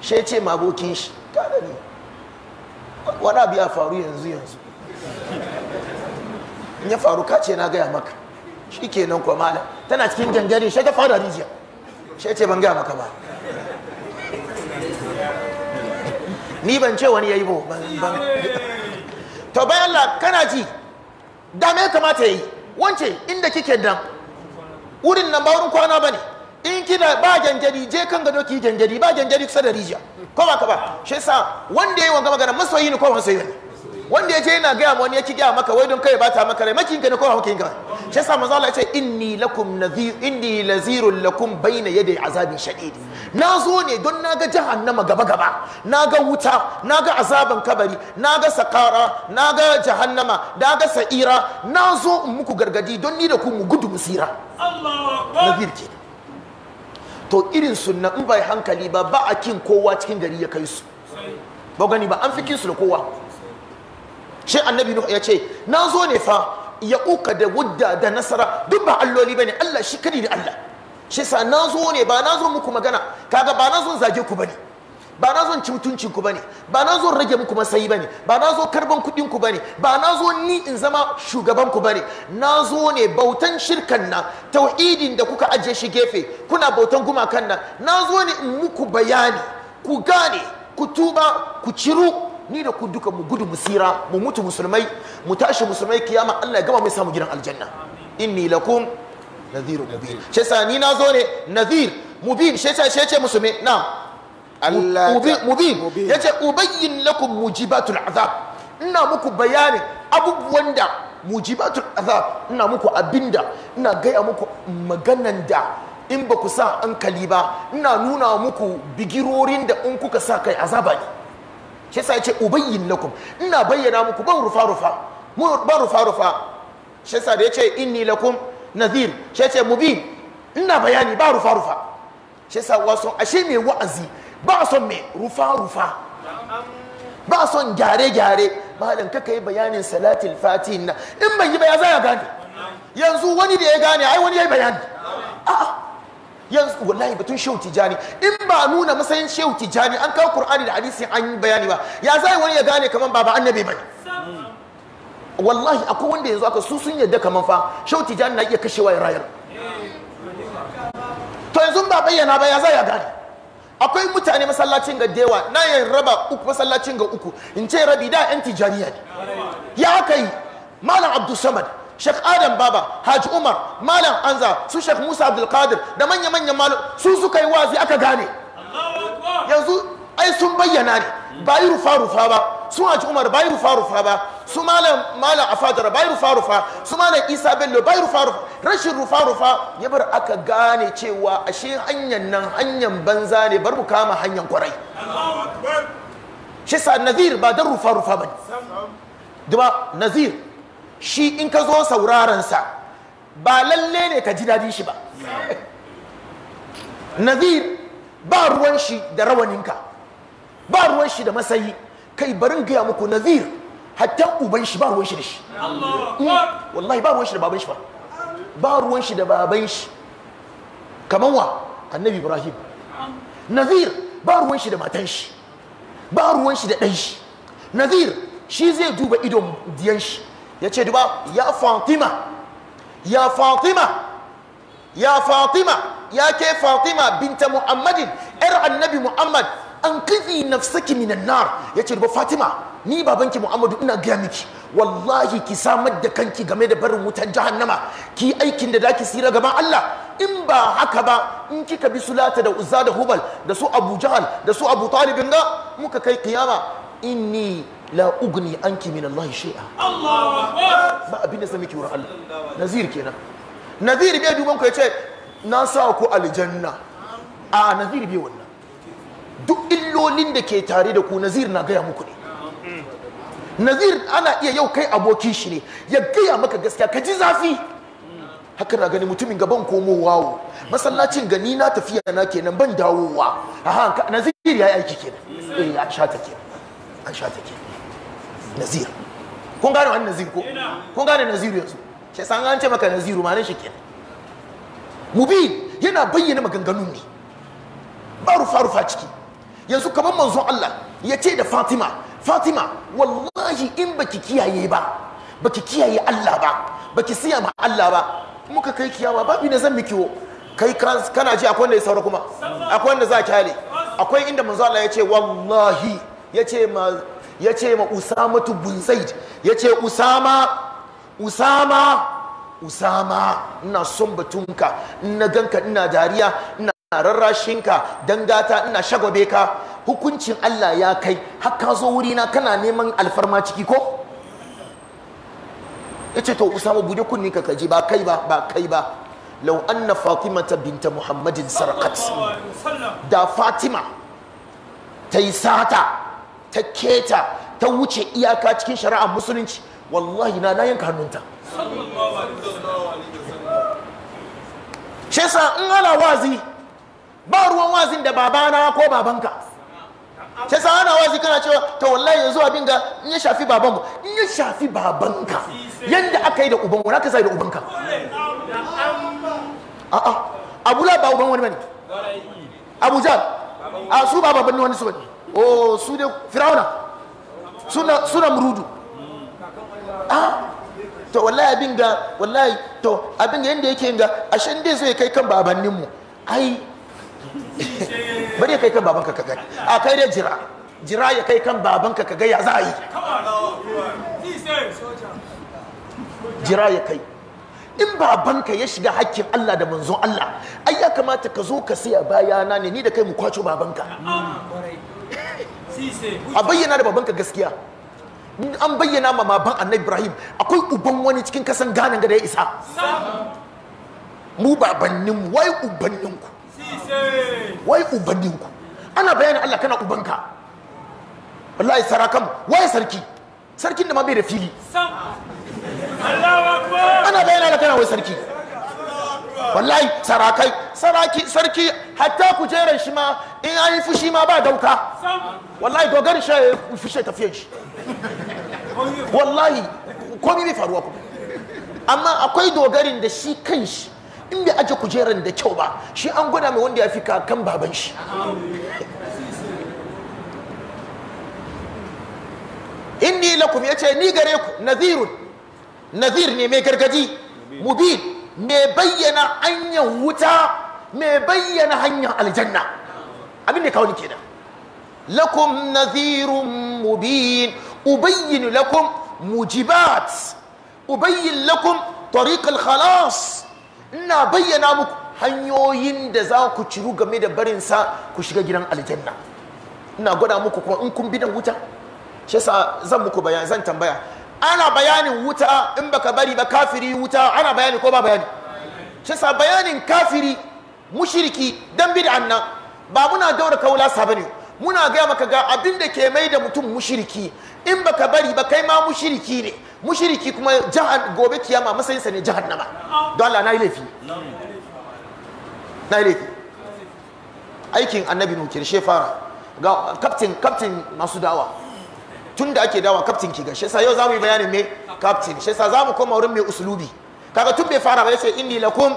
shi ce ma abokin shi kada ne wani abu ya faru yanzu yanzu ya faru kace na gaya maka shi ke nan kuwa mala tana cikin jangari shi ta fara rijiya shi ce ban gaya maka ba ni ban ce wani ya yi ban to bai Allah kana ji da me kamata ya yi wance inda kike dan wurin nan ba wurin kwana ba ne in kina ba gyangyadi je kan gado ki gyangyadi ba gyangyadi kusa da rijiya ko ba ka ba shi yasa wanda yayi wanga magana masoyi ne ko masoyi ne wanda ya yana gaya ma wani ya ki maka wai don kai ba ta maka rai makin ka ne ko makin ka shi yasa manzo Allah ya ce inni lakum nadhir inni lazirul lakum bayna yaday azabin shadid na zo ne don naga ga jahannama gaba gaba na ga wuta na ga azaban kabari na ga sakara na ga jahannama na ga sa'ira na zo in muku gargadi don ni da ku mu gudu musira Allahu akbar girki. to irin sunna in bai hankali ba ba a kin kowa cikin gari ya kai su ba gani ba an fi kin su da kowa shi annabi nuhu ya ce na zo ne fa ya uka da wudda da nasara duk ba alloli bane Allah shi kadi da Allah shi sa na zo ne ba na zo muku magana kaga ba na zo zage ku bane ba na zon ci mutuncin ku bane ba na zo rage muku masayi bane ba na zo karban kudin ku bane ba na zo ni in zama shugaban ku bane na zo ne bautan shirkan nan tauhidin da kuka ajiye shi gefe kuna bautan gumakan nan na zo ne in muku bayani ku gane ku tuba ku ciru ni da ku duka mu gudu mu mu mutu musulmai mu tashi musulmai kiyama Allah ya gama mai samu gidan aljanna inni lakum nadhirun mubin shesa ni na zo ne nadhir mubin shesa shece na'am mubin yace ubayyin lakum mujibatul azab ina muku bayanin abubuwan da mujibatul azab ina muku abinda ina gaya muku maganan da in ba ku sa hankali ba ina nuna muku bigirorin da in kuka sa kai azaba ne shi yasa yace ubayyin lakum ina bayyana muku ban rufa rufa ban rufa rufa shi yasa da yace inni lakum nadhir shi ce mubin ina bayani ba rufa rufa shi yasa wasu ashe mai wa'azi ba son me rufa rufa ba son gyare gyare malam kaka yi bayanin salatul fatihin na in ban yi ba ya za ya gane yanzu wani da ya gane ai wani ya yi bayani a'a yanzu wallahi batun shehu tijani in ba nuna matsayin shehu tijani an kawo qur'ani da hadisi an yi bayani ba ya za wani ya gane kaman baba annabi bane wallahi akwai wanda yanzu aka su sun yadda kaman fa shehu tijani na iya kashewa ya rayar to yanzu ba bayyana ba ya za ya gane akwai mutane masallacin ga dewa na yin raba uku masallacin ga uku in ce rabi da yan tijariya ne ya haka yi malam abdulsamad shek Adam Baba, Haji Umar, Malam Anza, su shek Musa Abdulkadir da manya-manyan malam su suka yi wazi aka gane. Yanzu ai sun bayyana ne, ba yi rufa-rufa ba, su haji umar bai rufa rufa ba su malam malam afadar bai rufa rufa su malam isa bello bai rufa rufa rashin rufa rufa ya bar aka gane cewa ashe hanyar nan hanyar banza ne bar mu kama hanyar kwarai shi sa nazir ba don rufa rufa ba duba nazir shi in ka zo sauraron sa ba lalle ne ka ji dadin shi ba nazir ba ruwan shi da rawaninka ba ruwan shi da masayi kai barin gaya muku nazir hatta uban shi ba ruwan shi da shi mm, wallahi ba ruwan shi da baban shi ba ba ruwan shi da baban shi kaman wa annabi ibrahim nazir ba ruwan shi da matan shi ba ruwan shi da ɗan shi nazir shi zai duba idon diyan shi ya ce duba ya fatima ya fatima ya fatima ya ke fatima binta muhammadin yar annabi muhammad an kifi saki minan nar yace ba Fatima ni babanki Muhammadu ina gaya miki wallahi ki samar da kanki game da barin wutan jahannama ki aikin da zaki sira gaban Allah in ba haka ba in kika bi sulata da uzza da hubal da su Abu Jahal da su Abu talibin ga muka kai kiyama inni la ugni anki min Allah shay'a Allahu ba abin da sai miki wurin Allah nazir kenan nazir bai duban ku ce na sa ku aljanna a nazir bai wani duk illolin da ke tare da ku nazir na gaya muku ne nazir ana iya yau kai abokin shi ne ya gaya maka gaskiya ka ji zafi haka na gani mutumin gaban komowa wo masallacin gani na tafiya na kenan ban dawowa aha nazir ya yi aiki kenan eh an sha take kenan an sha take nazir kun gane wani nazir ko kun gane nazir yanzu shi san an ce maka naziru ma shi kenan mubin yana bayyana maganganun ne ba rufa rufa ciki yanzu kamar manzon Allah ya ce da Fatima Fatima wallahi in baki kiyaye ba baki kiyaye Allah ba baki siya ma Allah ba muka kai kiyawa babu ne zan miki wo kai kana ji akwai wanda ya saura kuma akwai wanda za ki hale akwai inda manzon Allah ya ce wallahi ya ce ma ya ce ma Usama bin Zaid ya ce Usama Usama Usama ina son batunka ina ganka ina dariya ina rarrashinka dan gata ina shagwabe ka hukuncin Allah ya kai har ka zo wurina kana neman alfarma ciki ko yace to Usama bude kunni ka kaji ba kai ba ba kai ba law anna ta binta muhammadin sarqat da fatima ta yi sata ta keta ta wuce iyaka cikin shari'ar musulunci wallahi na na yanka hannunta sallallahu shi in ala wazi ba ruwan wazin da babana ko babanka sai sa ana wazi kana cewa ta wallahi yanzu abin ga in ya shafi baban mu in ya shafi babanka yanda aka yi da uban wani aka sai da ubanka a'a la ba uban wani bane abuja a su ba babanni wani su bane o oh, su dai firawuna suna suna murudu a ah, to wallahi abin ga wallahi to abin ga yanda yake ga ashe dai zai kai kan babanninmu ai bari kai kan babanka ka gani a kai dai jira jira ya kai kan babanka ka gaya za a yi jira ya kai in babanka ya shiga hakkin Allah da manzon Allah ai ya kamata ka zo ka saya bayana ne ni da kai mu kwaco babanka a bayyana da babanka gaskiya an bayyana ma baban annabi ibrahim akwai uban wani cikin kasan ganin da ya isa mu babanninmu wai ubanninku wai ubanninku ana bayanin Allah kana ubanka wallahi sarakan wai sarki sarkin da ma bai da fili ana bayanin Allah kana wai sarki wallahi sarakai saraki sarki hatta kujerar shi ma in an yi fushi ma ba dauka wallahi dogar shi ya fushe tafiyan shi wallahi komi bai faruwa kuma amma akwai dogarin da shi kan shi in bai aje kujeran da kyau ba shi an gwada mai wanda ya fi kakan baban shi inni lakum ya ce ni gare ku nazirun nazir ne mai gargadi mubin mai bayyana hanyar wuta mai bayyana hanyar aljanna abin da kawo ni kenan lakum nazirun mubin ubayyin lakum mujibat ubayyin lakum طريق الخلاص ina bayyana muku hanyoyin da za ku ciru game da barinsa ku shiga gidan aljanna ina gwada muku kuma in kun bi dan wuta shi yasa zan muku bayan zan tambaya ana bayanin wuta in baka bari ba kafiri wuta ana bayani ko ba bayani shi yasa bayanin kafiri mushriki dan bid'an nan ba muna daura kaula sabani muna gaya maka ga abin da ke mai da mutum mushiriki in baka bari ba kai ma mushiriki ne mushiriki kuma jahan gobe kiyama masayinsa ne jahannama don Allah na yi laifi na yi laifi aikin annabi nukir she fara ga kaftin kaftin masu dawa tun da ake dawa kaftin ki ga shi yau za mu yi bayanin me kaftin shi za mu koma wurin mai usulubi kaga tun bai fara ba ce inni lakum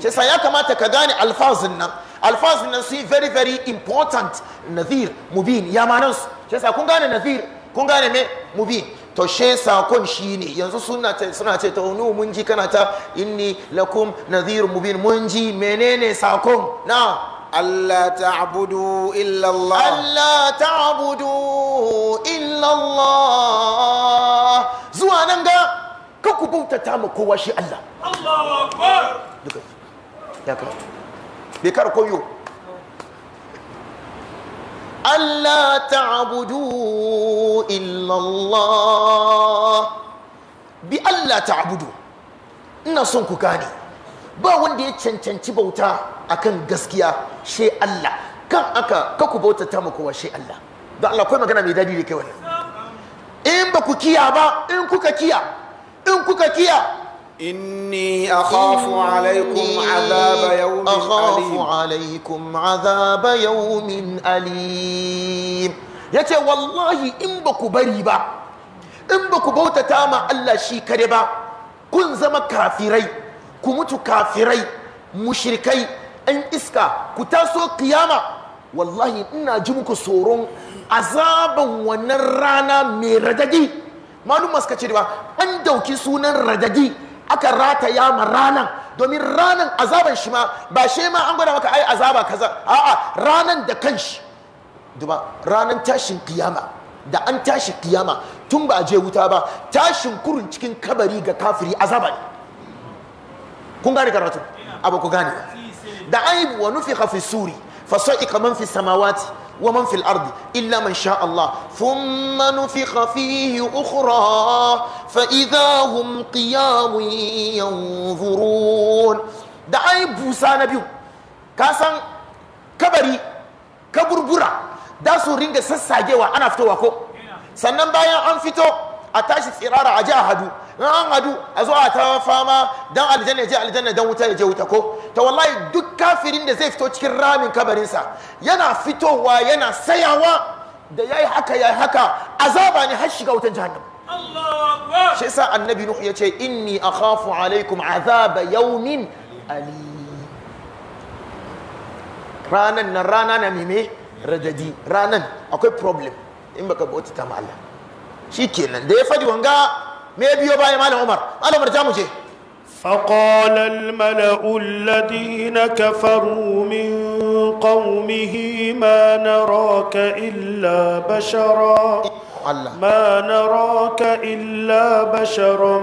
shi ya kamata ka gane alfazin nan alfaz na su very very important nazir mubin ya manan su shi yasa kun gane nazir kun gane me mubin to she sakon shi ne yanzu suna ce suna ce taunu mun ji kana ta inni lakum nadhir mubin mun ji menene sakon na Allah ta'budu illa Allah Allah ta'budu illa Allah zuwa nan ga ka ku bautata kowa shi Allah Allahu akbar duka ya kai bai kara koyo Allah ta'budu illallah bi Allah ta'budu ina son ku gane ba wanda ya cancanci bauta akan gaskiya she Allah kan aka ka bauta ta makowa she Allah don Allah kai magana mai dadi da kai wannan in ba ku kiya ba in kuka kiya in kuka kiya إني أخاف عليكم عذاب يوم أخاف yace wallahi in baku bari ba in baku bauta bautata ma Allah shi kare ba kun zama kafirai ku mutu kafirai mushrikai an iska ku taso kiyama wallahi ina ji muku tsoron azaban wannan rana mai radadi malum suka ce ba an ɗauki sunan radadi aka rata yama ranan domin ranan azaban shi ma ba shi ma an gwada maka ai azaba kaza a'a ranan da kanshi duba ranan tashin kiyama da an tashi kiyama tun ba je wuta ba tashin kurun cikin kabari ga kafiri azaba ne kun gane karatu abu ku gane da ai wa nufi hafi suri fa sa'iqa man fi samawati ومن في الأرض إلا من شاء الله ثم نفخ فيه أخرى فإذا هم قيام ينظرون دعاي بوسا نبيو كاسان كبري كبربرا داسو رينجا سساجي وانا فتو وكو سننبايا انفتو a tashi tsirara a ji a hadu in an hadu a zo a ta fama dan aljanna ya je aljanna dan wuta ya je wuta ko ta wallahi duk kafirin da zai fito cikin ramin kabarinsa yana fitowa yana sayawa da yayi haka yayi haka azaba ne har shiga wutan jahannama shi yasa annabi nuhu yace inni akhafu alaikum azaba yawmin ali ranan na rana na meme radadi ranan akwai problem in baka bauta ta Allah shikenan da ya faɗi wanga me biyo bayan malam umar malam umar ta mu je فقال الملأ الذين كفروا من قومه ما نراك إلا بشرا ما نراك إلا بشرا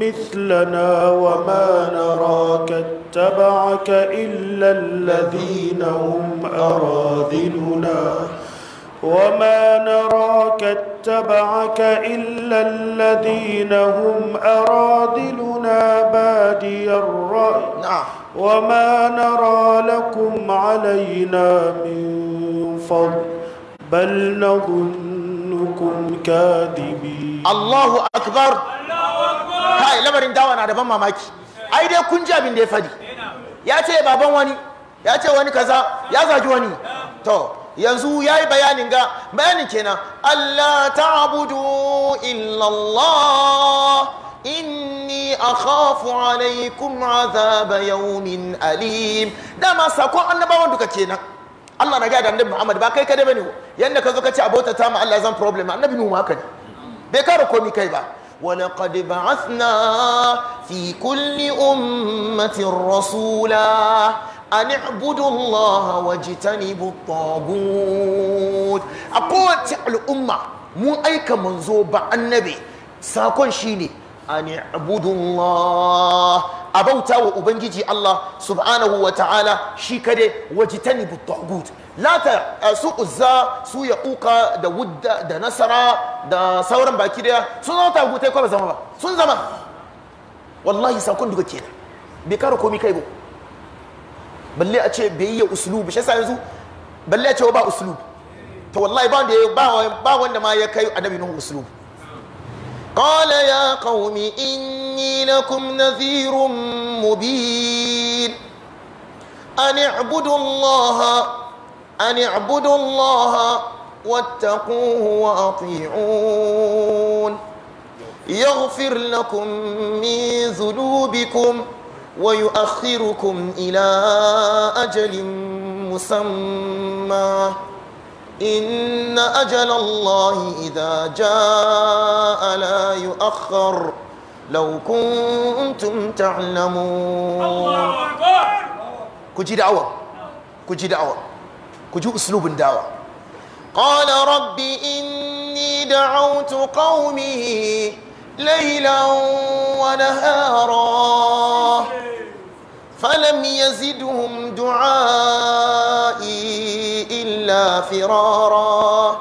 مثلنا وما نراك اتبعك إلا الذين هم أراذلنا وما نراك اتبعك إلا الذين هم أرادلنا بادي الرأي وما نرى لكم علينا من فضل بل نظنكم كاذبين الله أكبر kai lamarin dawa na da ban mamaki ai dai kun ji abin da ya fadi ya ce baban wani ya ce wani kaza ya zagi wani to yanzu ya yi bayanin ga bayanin kenan Allah ta'budu illallah inni akhafu ba azaba yawmin alim dama sakon annabawan duka kenan Allah na gaya da annabi Muhammad ba kai kada bane yanda ka zo ka ci abota ta ma Allah zan problem annabi Nuhu haka ne bai kare komi kai ba ولقد بعثنا fi kulli أمة rasula. an ibudu Allah a kowace al'umma mun aika manzo ba annabi sakon shine an a bauta wa ubangiji Allah subhanahu wa ta'ala shi kade wajitanibu tagut lata eh, su uzza su yaquqa da wudda da nasara da sauran baki daya sun zama tagutai ko ba zama ba sun zama wallahi sakon duka kenan bai kara komi kai ba balle a ce bai yi uslubi shi yasa yanzu balle a ce ba uslub to wallahi ba wanda ba ba wanda ma ya kai annabi nuhu uslub قال يا قوم إني لكم نذير مبين أن اعبدوا الله أن اعبدوا الله واتقوه وأطيعون يغفر لكم من ذنوبكم ويؤخركم إلى أجل مسمى إن أجل الله إذا جاء لا يؤخر لو كنتم تعلمون الله أكبر كجي دعوة كجي دعوة كجي أسلوب دعوة قال رب إني دعوت قومي ليلا ونهارا فلم يزدهم دعائي إلا فرارا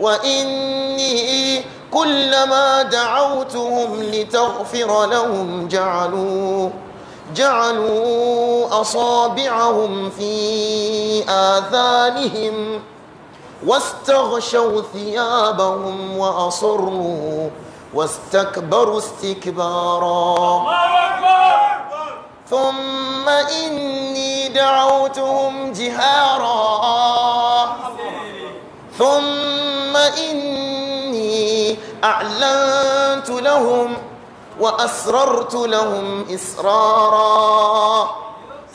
وإني كلما دعوتهم لتغفر لهم جعلوا جعلوا أصابعهم في آذانهم واستغشوا ثيابهم وأصروا واستكبروا استكبارا ثم إني دعوتهم جهارا ثم إني أعلنت لهم وأسررت لهم إسرارا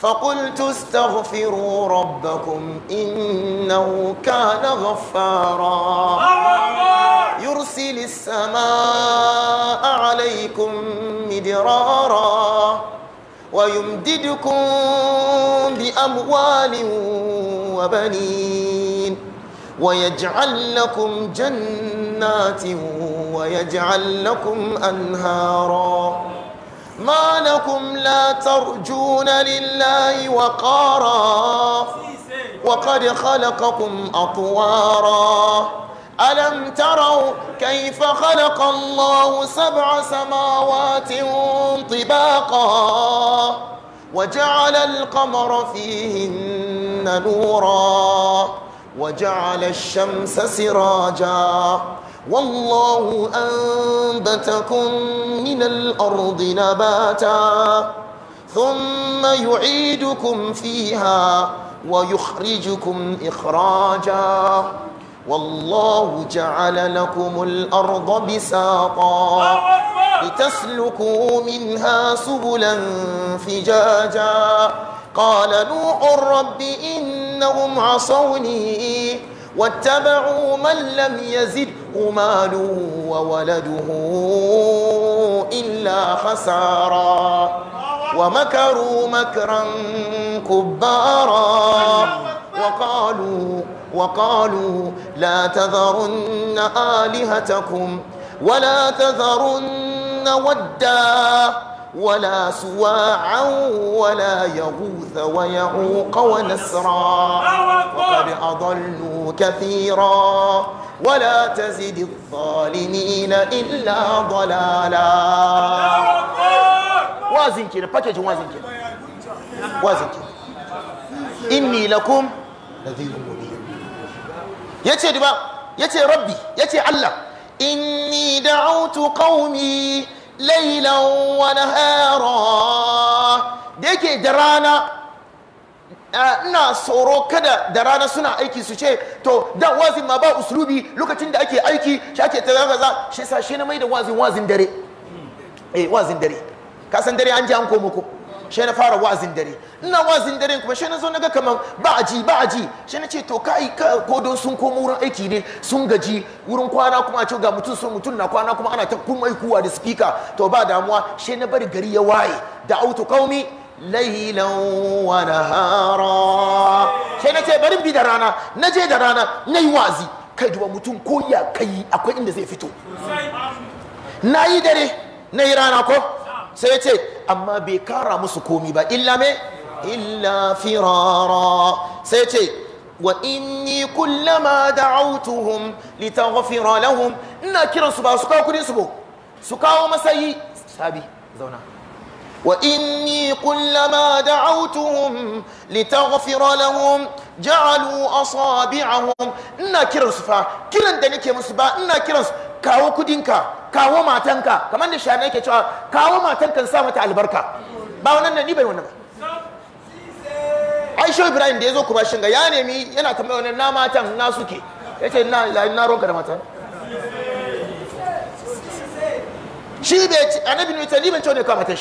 فقلت استغفروا ربكم إنه كان غفارا يرسل السماء عليكم مدرارا ويمددكم بأموال وبنين ويجعل لكم جنات ويجعل لكم أنهاراً ما لكم لا ترجون لله وقارا وقد خلقكم أطوارا ألم تروا كيف خلق الله سبع سماوات طباقا وجعل القمر فيهن نورا وجعل الشمس سراجا والله أنبتكم من الأرض نباتا ثم يعيدكم فيها ويخرجكم إخراجا والله جعل لكم الأرض بساطا لتسلكوا منها سبلا فجاجا قال نوح رب إنهم عصوني واتبعوا من لم يزده مال ماله وولده إلا خسارا ومكروا مكرا كبارا وقالوا وقالوا لا تذرن آلهتكم ولا تذرن ودا ولا سواعا ولا يغوث ويعوق ونسرا وقد أضلوا كثيرا ولا تزد الظالمين إلا ضلالا وازن كده باكيج وازن كده وازن كده إني لكم نذير مبين يتي دبا يتي ربي يتي الله إني دعوت قومي ليلا ونهارا ديكي درانا Eh, ina tsoro kada da rana suna aiki su ce to da wazin ma ba usulubi lokacin da ake aiki shi ake ta kaza shi sa shi na mai da wazin wazin dare eh wazin dare ka san dare an ji an komo ko shi na fara wazin dare ina wazin dare kuma shi na zo naga kaman ba a ji ba a ji shi na ce to kai kodon sun komo wurin aiki ne sun gaji wurin kwana kuma a ce ga mutum sun mutum na kwana kuma ana ta kuma kuwa da speaker to ba damuwa shi na bari gari ya waye da auto kaumi ليلا ونهارا sai na ce bari bi da rana na je da rana na yi wazi kai duba mutum ko ya kai akwai inda zai fito na yi dare na yi rana ko sai ce amma bai kara musu komi ba illa me illa firara sai ya ce وإني كلما دعوتهم لتغفر لهم إنا kawo سبا سكاو كرين سبو سكاو مسايي سابي زونا وإني كلما دعوتهم لتغفر لهم جعلوا أصابعهم إنا كيرنس فا كيرن دنيك مسبا إنا كيرنس kawo kudinka kawo matanka kamar da shana yake cewa kawo matanka سامة mata albarka ba wannan ni wannan ba Aisha Ibrahim da ya zo kuma ga ya nemi yana tambaya wannan na matan na suke yace na ilahi na ronka da matan shi bai annabi ne ni ban ci wani kawo matan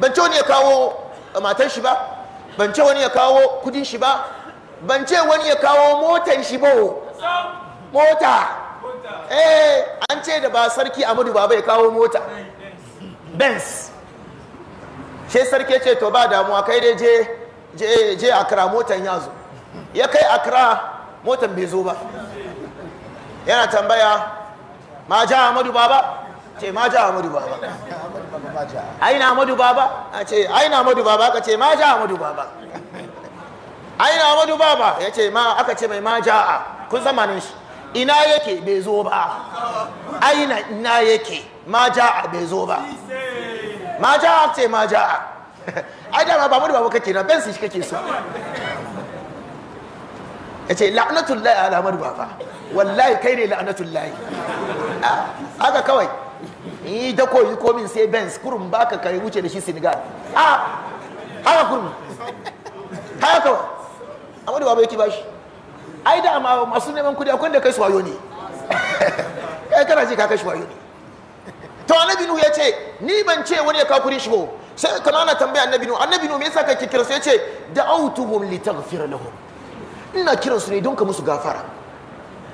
ban ce wani ya kawo eh, matan shi ba ban ce wani ya kawo kudin shi ba ban ce wani ya kawo motan shi ba mota eh an ce da ba sarki amadu ba bai kawo mota benz shi sarki ce to ba damuwa kai dai je je je akra motan ya zo ya kai akra motan bai zo ba yana tambaya ma ja amadu baba ce ma ja amadu baba aina amadu baba a ce aina amadu baba Aka ce ma ja amadu baba aina amadu baba ya ce ma aka ce mai ma a kun zamanin shi ina yake bai zo ba aina ina yake ma a bai zo ba ma a ce ma ja'a ai dama ba amadu baba kake na bensin shi kake so ya ce la'anatullahi ala amadu baba wallahi kai ne la'anatullahi ah, haka kawai ni ta yi komin sai benz kurum baka kai wuce da shi senegal a haka kurum haka kawai amma da babu yake bashi ai da amma masu neman kudi akwai da kai su wayo ne kai kana ji ka kai su wayo ne to annabi nuhu ya ce ni ban ce wani ya kawo kudin shigo sai sai na tambaya annabi nuhu annabi nuhu me yasa kake kira su ya ce da'autuhum litaghfira lahum ina kiransu ne don ka musu gafara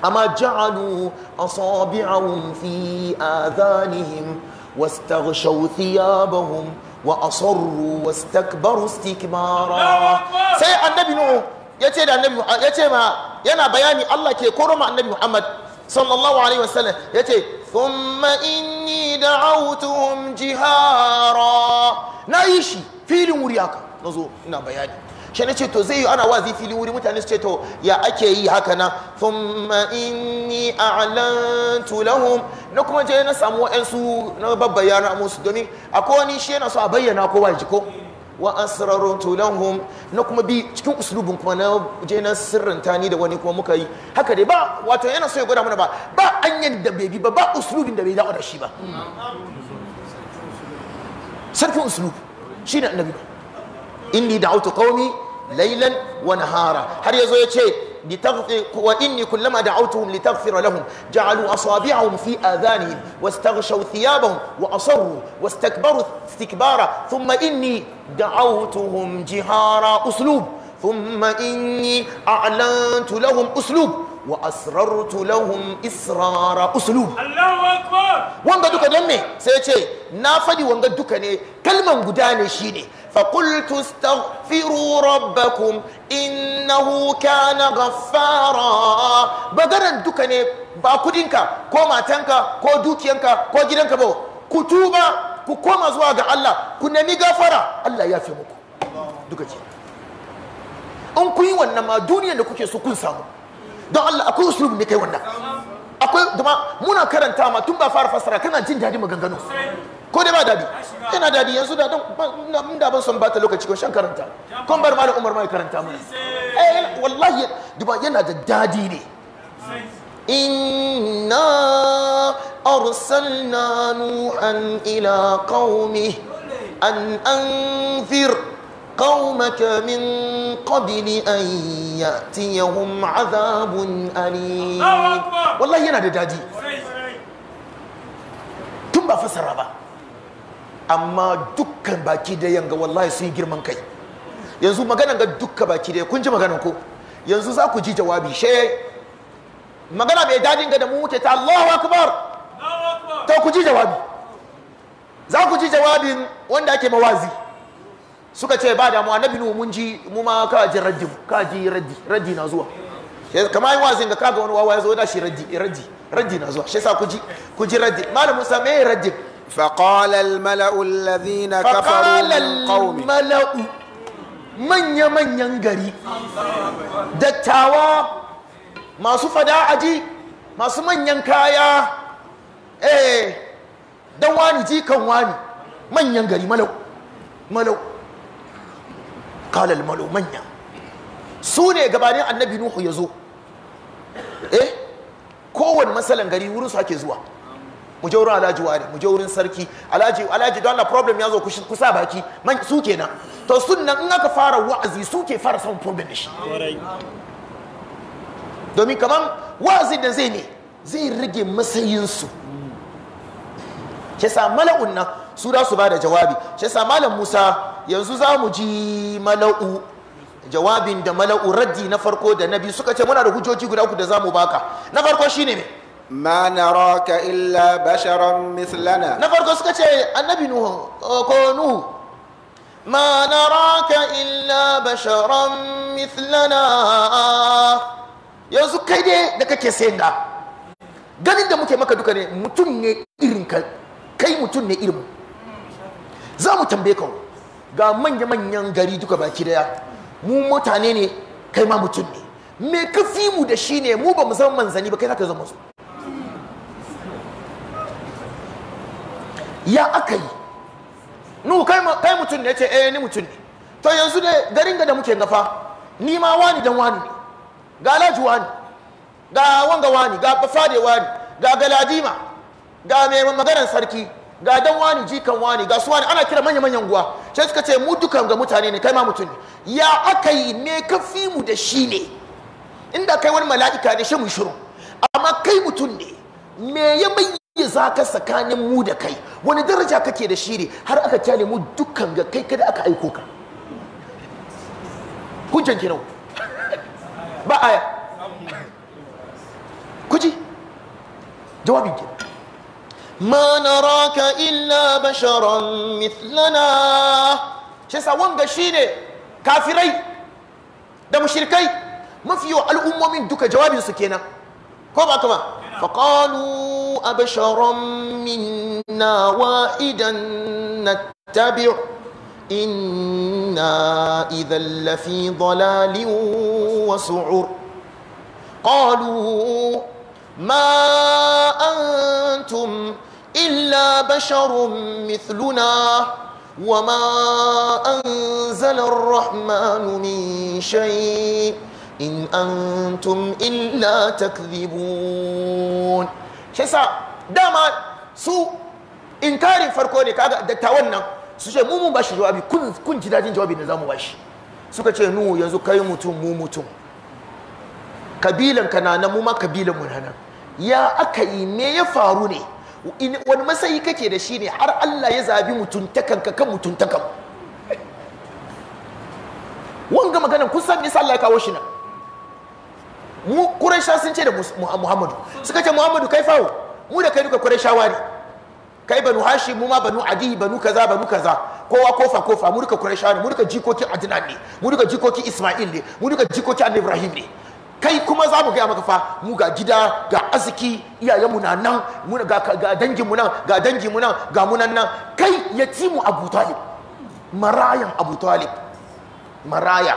أما جعلوا أصابعهم في آذانهم واستغشوا ثيابهم وأصروا واستكبروا استكبارا سي النبي نوح yace da annabi yace yana bayani Allah ke koro ma annabi Muhammad sallallahu alaihi wasallam yace thumma inni da'awtuhum jihara na yi shi filin wuri haka nazo ina bayani shi na ce to zai yi ana wazi fili wuri mutane su ce to ya ake yi haka nan thumma inni a'lantu lahum na kuma je na samu wa'ansu na babbayana musu domin akwai wani shi yana so a bayyana ko ji jiko. wa asrartu lahum na kuma bi cikin uslubin kuma na je na sirrinta ni da wani kuma muka yi haka dai ba wato yana so ya gwada mana ba ba anyan da bai bi ba ba uslubin da bai dawo da shi ba sarfin uslub shi ne annabi ba inni da'awtu qaumi laylan wa nahara har yazo yace wa inni kullama da'awtuhum litaghfira lahum ja'alu asabi'ahum fi adhanihim wastaghshaw thiyabahum wa asarru wastakbaru istikbara thumma inni da'awtuhum jihara uslub thumma inni a'lantu lahum uslub wa asrartu lahum israra uslub Allahu akbar wanga duka don me sai yace na fadi wanga duka ne kalman guda ne shine فقلت استغفروا ربكم إنه كان غفارا بغنا الدكني باكودينكا كو ماتانكا كو دوكيانكا كو جيرانكا بو كتوبة كوما زواغا الله كنا مغفرا الله يافي مكو دوكتي in kun yi wannan ma duniyar da kuke so kun samu don Allah akwai usulub ne kai wannan akwai da muna karanta ma tun ba fara fassara kana jin daɗi maganganu ko dai ba dadi yana dadi yanzu da dan da ban son bata lokaci ko shan karanta kun bar malam Umar mai karanta mana eh wallahi duba yana da dadi ne inna arsalna nuhan ila qaumi an anfir قومك من قبل أن يأتيهم عذاب أليم والله ينادى دادي تم بفسر ربا amma dukkan baki da yanga wallahi sun girman kai yanzu magana ga dukka baki da kun ji maganan ko yanzu za ku ji jawabi she magana mai dadin ga da mu wuce ta Allahu akbar to ku ji jawabi za ku ji jawabin wanda ake mawazi suka ce ba mu na binu mun ji mu ma ka ji raddi ka ji raddi raddi na zuwa kamar yin wazin ga kaga wani wawa ya zo da shi raddi raddi raddi na zuwa shi sa ku ji ku ji raddi malamin sa me raddi فقال الملأ الذين كفروا من قومه الملأ من يمن ينقري دتاوا ما سفدا أجي ما سمن ينكايا ايه دواني جي كواني من ينقري ملو ملو قال الملو من ين سوني غبانين النبي نوح يزو eh kowane masalan gari ورسا su mu je wurin alhaji wani mu je wurin sarki alhaji alhaji don Allah problem ya zo ku sa baki man su kenan to sunna in aka fara wa'azi su ke fara samun problem shi domin kaman wa'azi da zai ne zai rage matsayinsu sa mala'un nan su da su ba da jawabi sa malam musa yanzu za mu ji mala'u jawabin da mala'u raddi na farko da na biyu suka ce muna da hujjoji guda uku da za mu baka na farko shine ne ma naraka illa basharan mislana na farko suka ce annabi nuhu ko nuhu ma naraka illa basharan mislana yanzu kai dai da kake sayan da ganin da muke maka duka ne mutum ne irin ka kai mutum ne irin za mu tambaye ka ga manya-manyan gari duka baki daya mu mutane ne kai ma mutum ne me ka fi mu da shi ne mu ba mu zama manzani ba kai za ka zama su ya aka yi nu kai mutum ne ce eh ni mutum ne to yanzu da garin da muke gafa ni ma wani dan wani ne ga alhaji wani ga wanga wani ga bafade wani ga galadima ga mai maganar sarki ga dan wani jikan wani ga su wani ana kira manya manyan guwa ce suka ce mu dukan ga mutane ne kai ma mutum ne ya aka yi ne ka fi mu da shi ne inda kai wani mala'ika ne shi mu shiru amma kai mutum ne me ya bayyana za ka tsakanin mu da kai wani daraja kake da shi ne har aka kyale mu dukkan ga kai kada aka aiko ka hujjan kenan ba aya kuji jawabin kenan ma naraka illa basharan mithlana shi sa wanga shine kafirai da mushrikai mafi yawan al'ummomin duka jawabinsu kenan ko ba kama faqalu أبشرا منا واحدا نتبع إنا إذا لفي ضلال وسعر قالوا ما أنتم إلا بشر مثلنا وما أنزل الرحمن من شيء إن أنتم إلا تكذبون shi dama su inkarin farko ne kaga dattawan nan su ce mu ba bashi jawabi kun ji dajin jawabi da ba bashi suka ce nu yanzu kai mutum mu mutum kabilan ka na mu ma kabilan mu na ya aka yi me ya faru ne wani masayi kake da shi ne har Allah ya zabi mutuntakan ka kan mutuntakan wanga maganan kun san Allah ya kawo shi nan mu quraisha sun ce da muhammadu suka ce muhammadu kai fawo mu da kai duka quraishawa wani kai banu hashi mu ma banu adi banu kaza banu kaza kowa kofa kofa mu duka quraishawa ne mu duka jikokin adnan ne mu duka jikokin isma'il ne mu duka jikokin annabi ibrahim ne kai kuma za mu gaya maka fa mu ga gida ga arziki iyayenmu na nan ga danginmu nan ga danginmu nan ga munan nan kai mu abu talib marayan abu talib maraya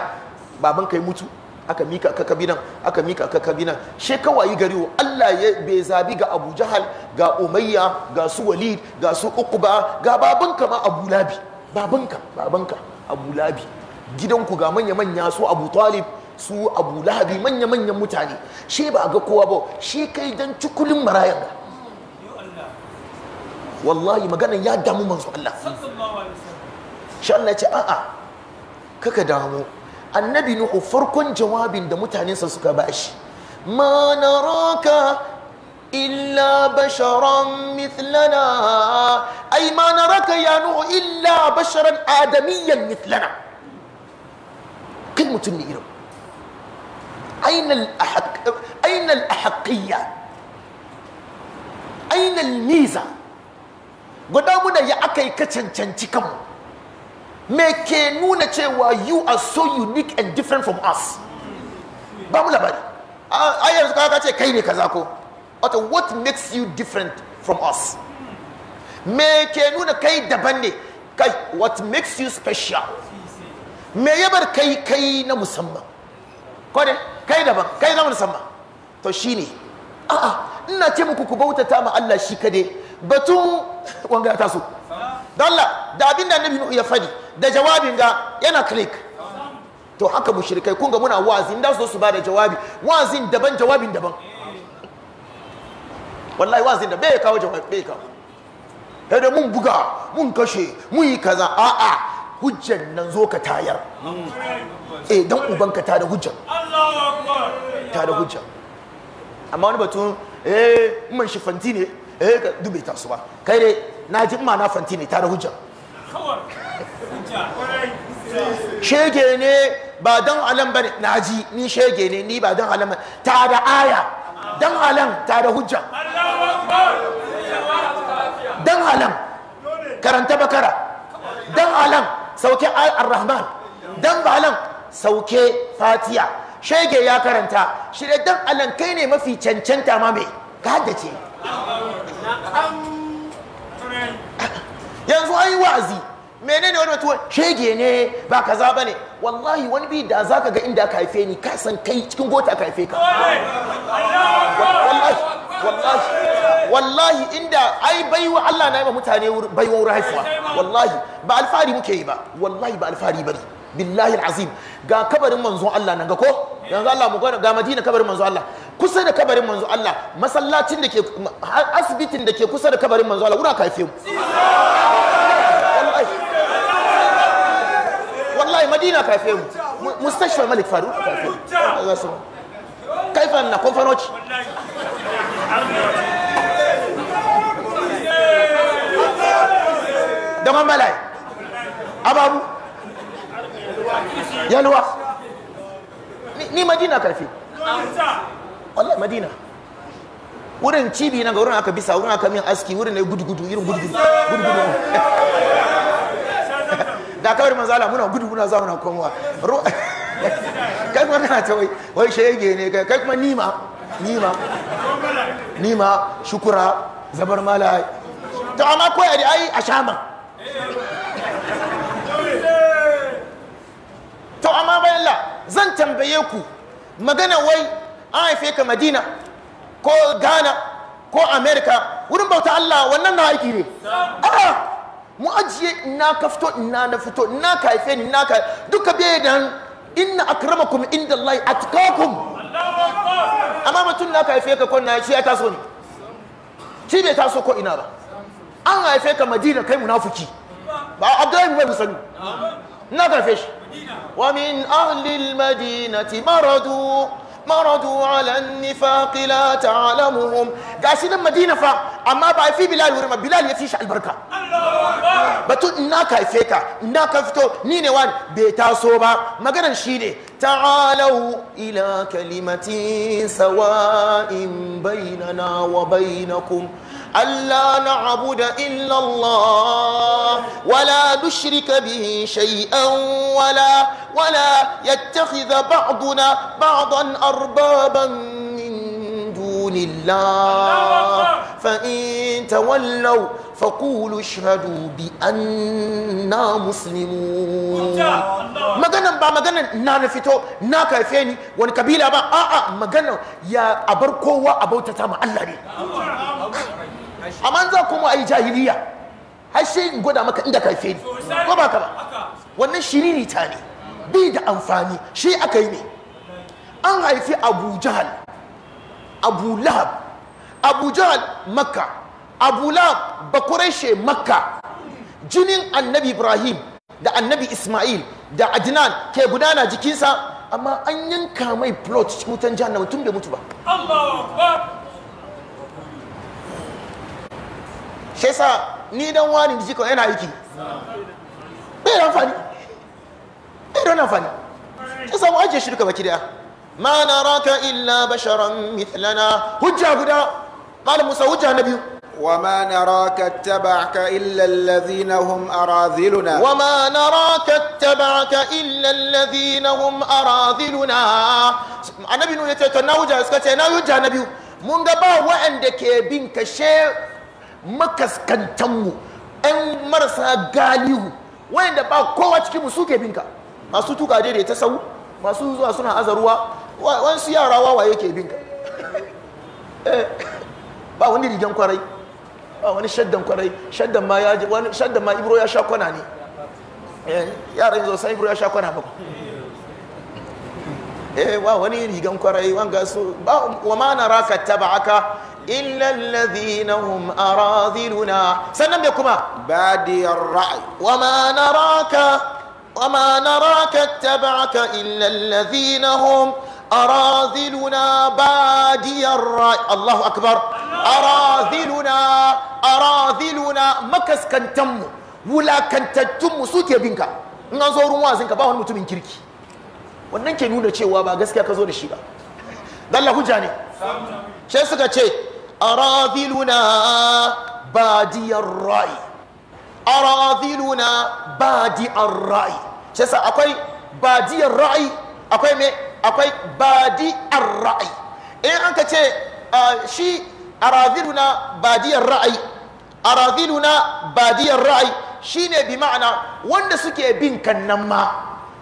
baban kai mutu aka mika ka kabinan aka mika ka kabinan she kawai gari Allah ya bai zabi ga Abu Jahal ga Umayya ga su Walid ga su Uqba ga babanka ma Abu Labi babanka babanka Abu Labi gidanku ga manya manya su Abu Talib su Abu Lahabi manya manyan mutane she ba ga kowa ba she kai dan cukulin marayan wallahi magana ya damu manzo Allah sallallahu alaihi wasallam shi Allah ya ce a'a kaka damu annabi nuhu farkon jawabin da mutanensa suka bashi ma naraka illa basharan mithlana ai ma naraka ya nuhu illa basharan adamiyyan mithlana kai mutum ne irin aina al'ahaqiyya aina al-miza guda muna ya aka yi ka cancanci kanmu me ke nuna cewa you are so unique and different from us ba mu labari a yanzu ka ce kai ne kaza ko wato what makes you different from us me ke nuna kai daban ne kai what makes you special me ya bar kai kai na musamman ko ne kai daban kai na musamman to ne a'a ina ce muku ku bautata ma Allah shi kade batun wanga ta so dalla da abin da annabi ya fadi da jawabin ga yana click to haka mushrikai kun ga muna wazi inda su su ba da jawabi wazin daban jawabin daban wallahi wazin da bai kawo jawabi bai kawo kai da mun buga mun kashe mun yi kaza a a hujjan nan zo ka tayar eh dan uban ka tada hujjan tada hujjan amma wani batun eh mun shifanti ne eh dube ta su ba kai dai na ji ma na fanti ne tare hujja shege ne ba don alam ba na ji ni shege ne ni ba don alam ta da aya don alam ta da hujja don alam karanta bakara don alam sauke ar-rahman don alam sauke fatiya shege ya karanta shi dan don alam kai ne mafi cancanta ma mai ka haddace yanzu an yi wa'azi menene wani mutuwa shege ne ba kaza ba ne wallahi wani bi da za ka ga inda ka haife ni ka san kai cikin gota ka haife ka wallahi inda ai baiwa Allah na yi wa mutane baiwa wurin haifuwa wallahi ba alfari muke yi ba wallahi ba alfahari ba ne billahi azim ga kabarin manzon Allah nan ga ko yanzu Allah mu ga Madina kabarin manzon Allah kusa da kabarin manzon Allah masallacin da ke asibitin da ke kusa da kabarin manzon Allah wura kafe mu wallahi Madina kafe mu mustashfa Malik Faruk kafe mu kaifa na konfanoci da mambalai ababu yalwa ni madina karfi wallahi madina wurin cibi na ga wurin aka bisa wurin aka min aski wurin ne gudugudu irin gudugudu gudugudu da kawai manzo Allah muna gudu muna zauna komowa kai kuma kana ta wai wai shege ne kai kai kuma nima nima nima shukura zabar mala to amma koyi ai a shaman to amma bayan Allah zan tambaye ku magana wai an haife ka Madina ko Ghana ko America wurin bauta Allah wannan na aiki ne a'a mu ajiye ina ka fito ina na fito ina ka haife ni ina ka duka bai dan inna akramakum inda Allah atqakum amma mutum na ka haife ka ko na shi ya taso ne shi bai taso ko ina ba an haife ka Madina kai munafiki ba Abdullahi bai musani na karfe shi wa min ahlil madinati maradu maradu ala nifaq la ta'lamuhum gashi nan madina fa amma ba fi bilal wurin bilal ya fi shi albarka batu na ka haife ka na ka fito ni ne wani bai taso ba maganan shi ne ta'alau ila kalimatin sawa'in bainana wa bainakum ألا نعبد إلا الله ولا نشرك به شيئا ولا ولا يتخذ بعضنا بعضا أربابا من دون الله فإن تولوا فقولوا اشهدوا بأننا مسلمون maganan ba maganan na na fito na kaife ni wani kabila ba a'a maganan ya abar kowa a bautata ma Allah ne amma za kuma a yi jahiliya har sai in gwada maka inda ka ni ko ba ka ba wannan shiriri ta ne bi da amfani shi aka yi ne an haifi abu jahal abu lahab abu jahal makka abu lahab bakureshe makka jinin annabi ibrahim da annabi ismail da adnan ke gudana jikinsa amma an yanka mai plot cikin wutan jihar tun bai mutu ba shi yasa ni dan wani da jiko yana aiki bai da amfani bai da amfani ta samu ajiye shi duka baki daya ma illa basharan mithlana hujja guda malam musa hujja na biyu وما نراك اتبعك إلا الذين هم أراذلنا وما نراك اتبعك إلا الذين هم أراذلنا النبي نو اسكتنا يوجا نبي mun ga ba waɗanda ke bin makaskantanmu ɗan marasa galihu wayanda ba kowa cikinmu suke binka masu tuka daidai ta sau masu zuwa suna azaruwa wasu yara wawa yake binka eh, ba wani rigan kwarai ba wani shaddan kwarai shaddan ma ya wani shaddan ma ibro ya sha kwana ne eh, yaran yanzu san ibro ya sha kwana ba eh wani rigen kwarai wanga su ba wa ma naraka tabaka illa alladhina hum sannan me kuma badiyar ra'i wa ma naraka وما نراك اتبعك إلا الذين هم أراذلنا بادي الرأي الله أكبر in an zo ruwan wazinka ba wani mutumin kirki wannan ke nuna cewa ba gaskiya ka zo da shi ba dalla hujja ne sai suka ce أراذلنا بادي الرأي أراذلنا بادي الرأي شسا أقوي بادي الرأي أقوي مي أقوي بادي الرأي إيه أنك تي آه شي أراذلنا بادي الرأي أراذلنا بادي الرأي shine bi ma'ana wanda suke bin kan nan ma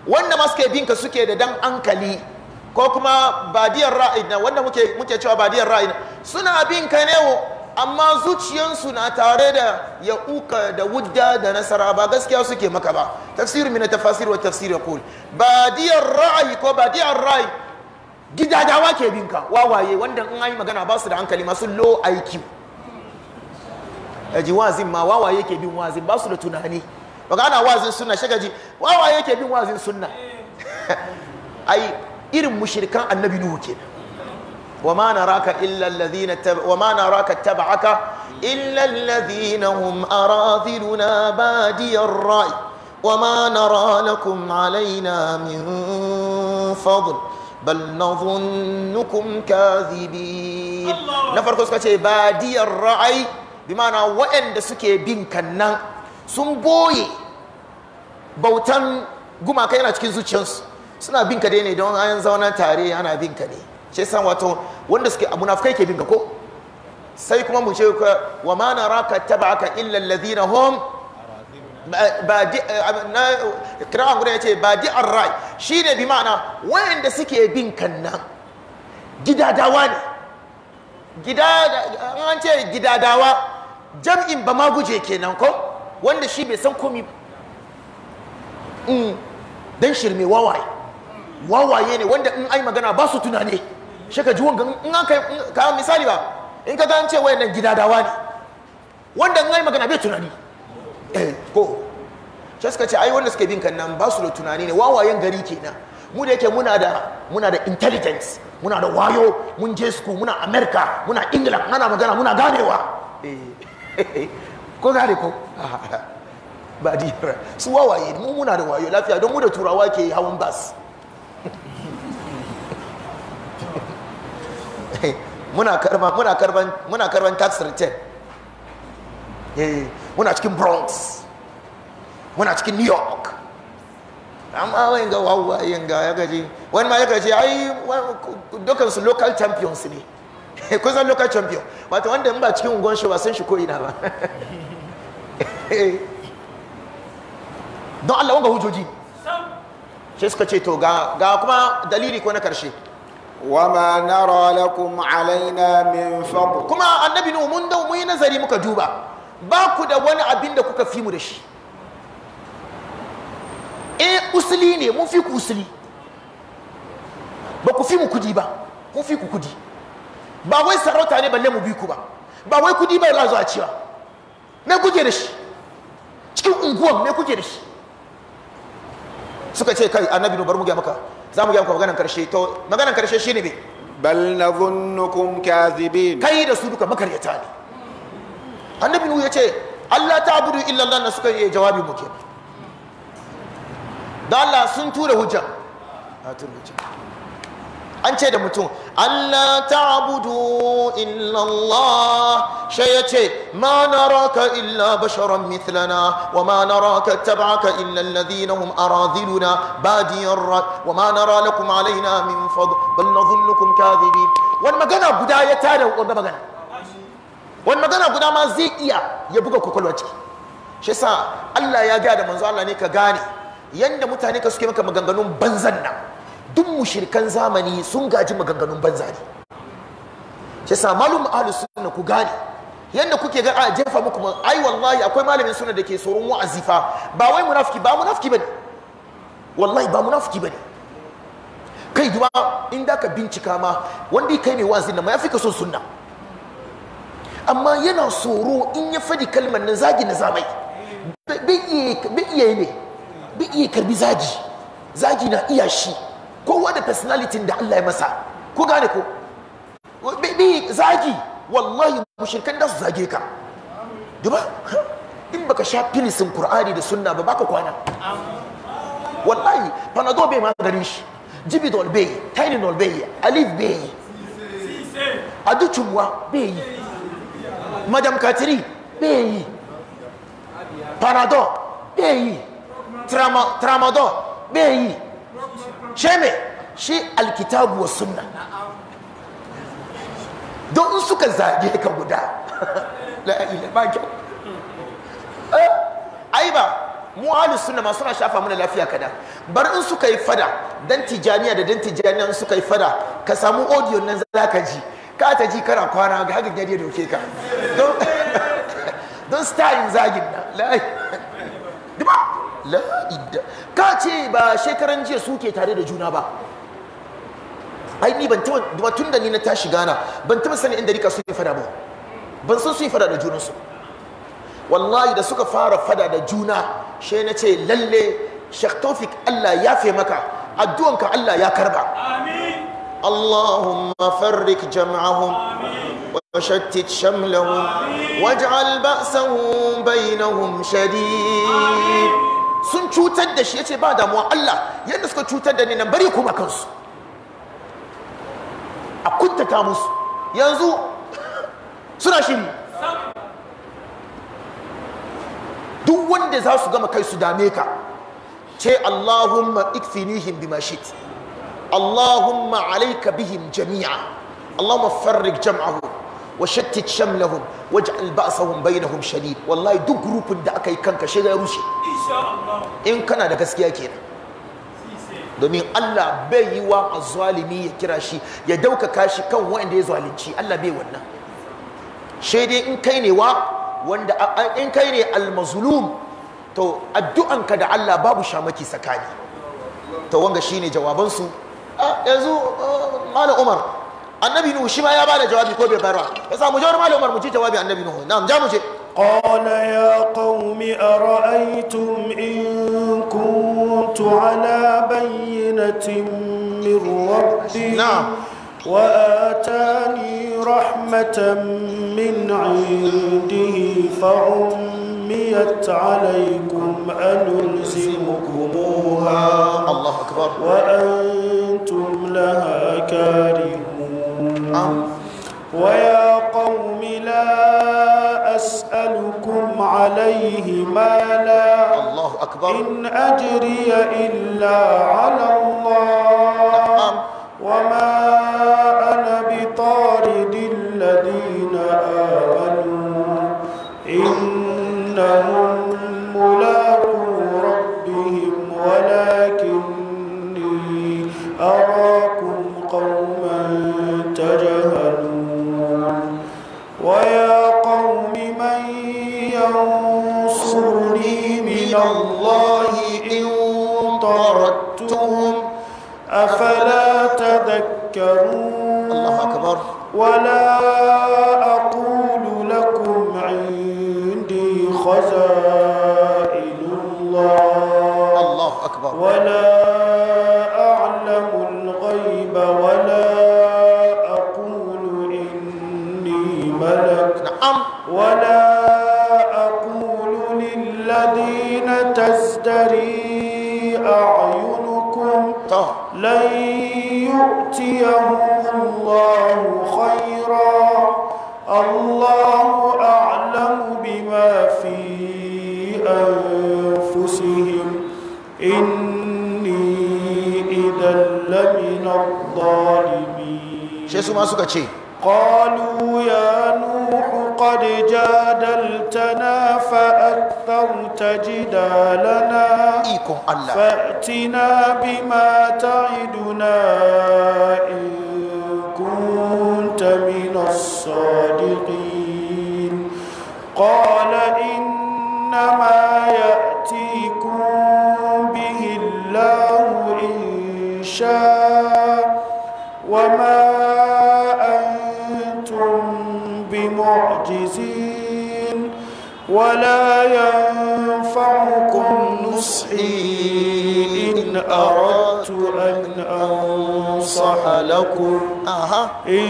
wanda ma suke bin ka suke da dan hankali ko kuma badiyar ra'ayi na wanda muke muke cewa badiyar ra'ayi suna bin ka ne amma zuciyansu na tare da ya uka da wudda da nasara ba gaskiya suke maka ba tafsirin mina tafasir wa tafsir ya yaqul badiyar ra'ayi ko badiyar ra'ayi gidadawa ke bin ka wawaye wanda in an yi magana ba su da hankali masu low IQ ji wazin ma wawaye ke bin wazin ba su da tunani ba ana wazin suna shagaji wawaye ke bin wazin sunna ai irin mushirikan annabi nuhu ke wa ma na illa alladhina wa ma naraka tab'aka illa alladhina hum arathiluna badiyar ra'i wa ma nara alaina min fadl bal nadhunnukum kadhibin na farko suka ce badiyar ra'i bi ma'ana waɗanda suke bin kannan sun boye bautan gumaka yana cikin zuciyarsu suna bin ka dai ne don an zauna tare ana bin ka ne shi san wato wanda suke munafikai ke bin ka ko sai kuma mu ce wa ma naraka tabaka illa alladhina hum badi na kira guda yace badi arrai shine bi ma'ana wayanda suke bin kan nan gidadawa ne gida an ce gidadawa jam'in ba ma guje kenan ko wanda shi bai san komi mm. dan shirme wawaye wawaye ne wanda in ai magana ba su tunani shi ka ji wanga in aka ka misali ba in ka gan ce gida gidadawa ne wanda in ai magana bai tunani eh ko shi suka ce ai wanda suke bin kan nan ba su da tunani ne wawayen gari ke na mu da yake muna da muna da intelligence muna da wayo mun je su muna america muna england muna magana muna ganewa eh, ko gane ko ba dira su wawaye mu muna da wayo lafiya don mu da turawa ke hawan bas muna karban muna karban muna karban tax return eh muna cikin bronx muna cikin new york amma wai ga wawa yin ga ya gaji wani ma ya gaji ai dukkan su local champions ne ko san local champion wato wanda in ba cikin ungon shi ba san shi ko ina ba eh. don Allah wanga hujoji shi suka ce to ga kuma dalili ko na karshe wa ma nara lakum alaina min fadl kuma annabi nuhu mun da mun nazari muka duba ba ku da wani abin da kuka fi mu da shi eh usuli ne mun fi ku usuli ba ku fi mu kudi ba mun fi ku kudi ba wai sarauta ne balle mu bi ku ba ba wai kudi ba la zuwa cewa me kuke da shi cikin unguwan me kuke da shi suka ce kai annabi bar mu ga maka za mu ga maka maganan karshe to maganan karshe shine me bal nadhunnukum kadhibin kai da su duka makaryata ne annabi ya ce, Allah ta abudu illa Allah na suka yi eh, jawabi mu kenan da Allah sun tura hujja a tura hujja an ce da mutum Allah ta'budu illa Allah shi yace ma naraka illa basharan mithlana wa ma naraka tab'aka illa alladhina hum aradhiluna badiyar ra wa ma nara lakum alaina min fadl bal nadhunnukum kadhibin wani magana guda ya tada wanda magana wani magana guda ma zai iya ya buga kokolwa ciki shi yasa Allah ya ga da manzo Allah ne ka gane yanda mutane ka suke maka maganganun banzan nan duk mushirkan zamani sun gaji maganganun banza ne shi yasa malum ahlus sunna ku gane yanda kuke ga a jefa muku man ai wallahi akwai malamin sunna da ke tsoron wa'azi fa ba wai munafiki ba munafiki bane wallahi ba munafiki bane kai duba in da ka bincika ma wanda kai ne wa'azi na ma yafi ka son sunna amma yana tsoro in ya fadi kalmar nan zagi na zamai bai iya ne bai iya karbi zagi zagi na iya shi kowa da personality da Allah ya masa ku gane ko bi zagi wallahi mushrikan da su zage ka duba in baka sha filisin qur'ani da sunna ba baka kwana wallahi panado bai maganin shi jibidol bai tylenol bai alif bai aduchumwa bai madam katiri bai panado bai tramadol bai rubuce ne shi alkitabu wa sunna don in suka zage ka guda la'ila ba kyau eh, ai ba mu halin sunna ma suna shafa mana lafiya kada bar in suka yi fada dan tijaniya da dan tijaniya in suka yi fada ka samu audio nan za ka ji ka ta ji kana kwana ga haka gade doke ka don don style zagin na lai la'idda ka ce ba shekaran jiya suke tare da juna ba ai ni ban taba tun da ni na tashi gana ban taba sani inda rika suke fada ba ban san suke fada da junansu wallahi da suka fara fada da juna shi na ce lalle shek tofik Allah ya fi maka addu'anka Allah ya karba amin Allahumma farrik jam'ahum وشتت شملهم واجعل بأسهم بينهم شديد sun cutar da shi ya ce ba damuwa Allah yadda suka cutar da ni nan bari kuma kansu a kuntata musu yanzu suna shiri duk wanda za su gama kai su dame ka ce Allahumma ikfinihim bima shit Allahumma alaika bihim jami'a Allahumma farrik jam'ahum wa shattit shamlahum waj'al ba'sahum bainahum shadid wallahi duk grupin da aka yi kanka shi ya rushe in kana da gaskiya kenan domin Allah bai yi wa azzalimi ya kira shi ya daukaka shi kan wanda ya zalunci Allah bai wannan shi dai in kai ne wa wanda in kai ne almazlum to addu'anka da Allah babu shamaki tsakani. to wanga shine jawabansu ah, yanzu ah, malam Umar النبي نو shi يا ya جوابي كوبي ko بس bayarwa yasa مالو مر مجي جوابي النبي نو نعم جا مجي قال يا قوم أرأيتم إن كنت على بينة من ربي نعم وآتاني رحمة من عنده فعميت عليكم أنلزمكموها الله أكبر وأنتم لها كارهون آه. ويا قوم لا أسألكم عليه مالا الله أكبر إن أجري إلا على الله نعم. وما أنا بطارد الذين آمنوا إنهم من الله إن طردتهم أفلا تذكرون الله أكبر ولا أقول لكم عندي خزائن الله الله أكبر ولا أقول لكم عندي خزائن الله أن يؤتيهم الله خيرا الله أعلم بما في أنفسهم إني إذا لمن الظالمين شيء ما سكتشي قالوا يا نور قد جادلتنا فأكثرت جدالنا فأتنا بما تعدنا إن كنت من الصادقين قال إنما يأتيكم به الله إن شاء ولا ينفعكم نصحي إن أردت أن أنصح لكم إن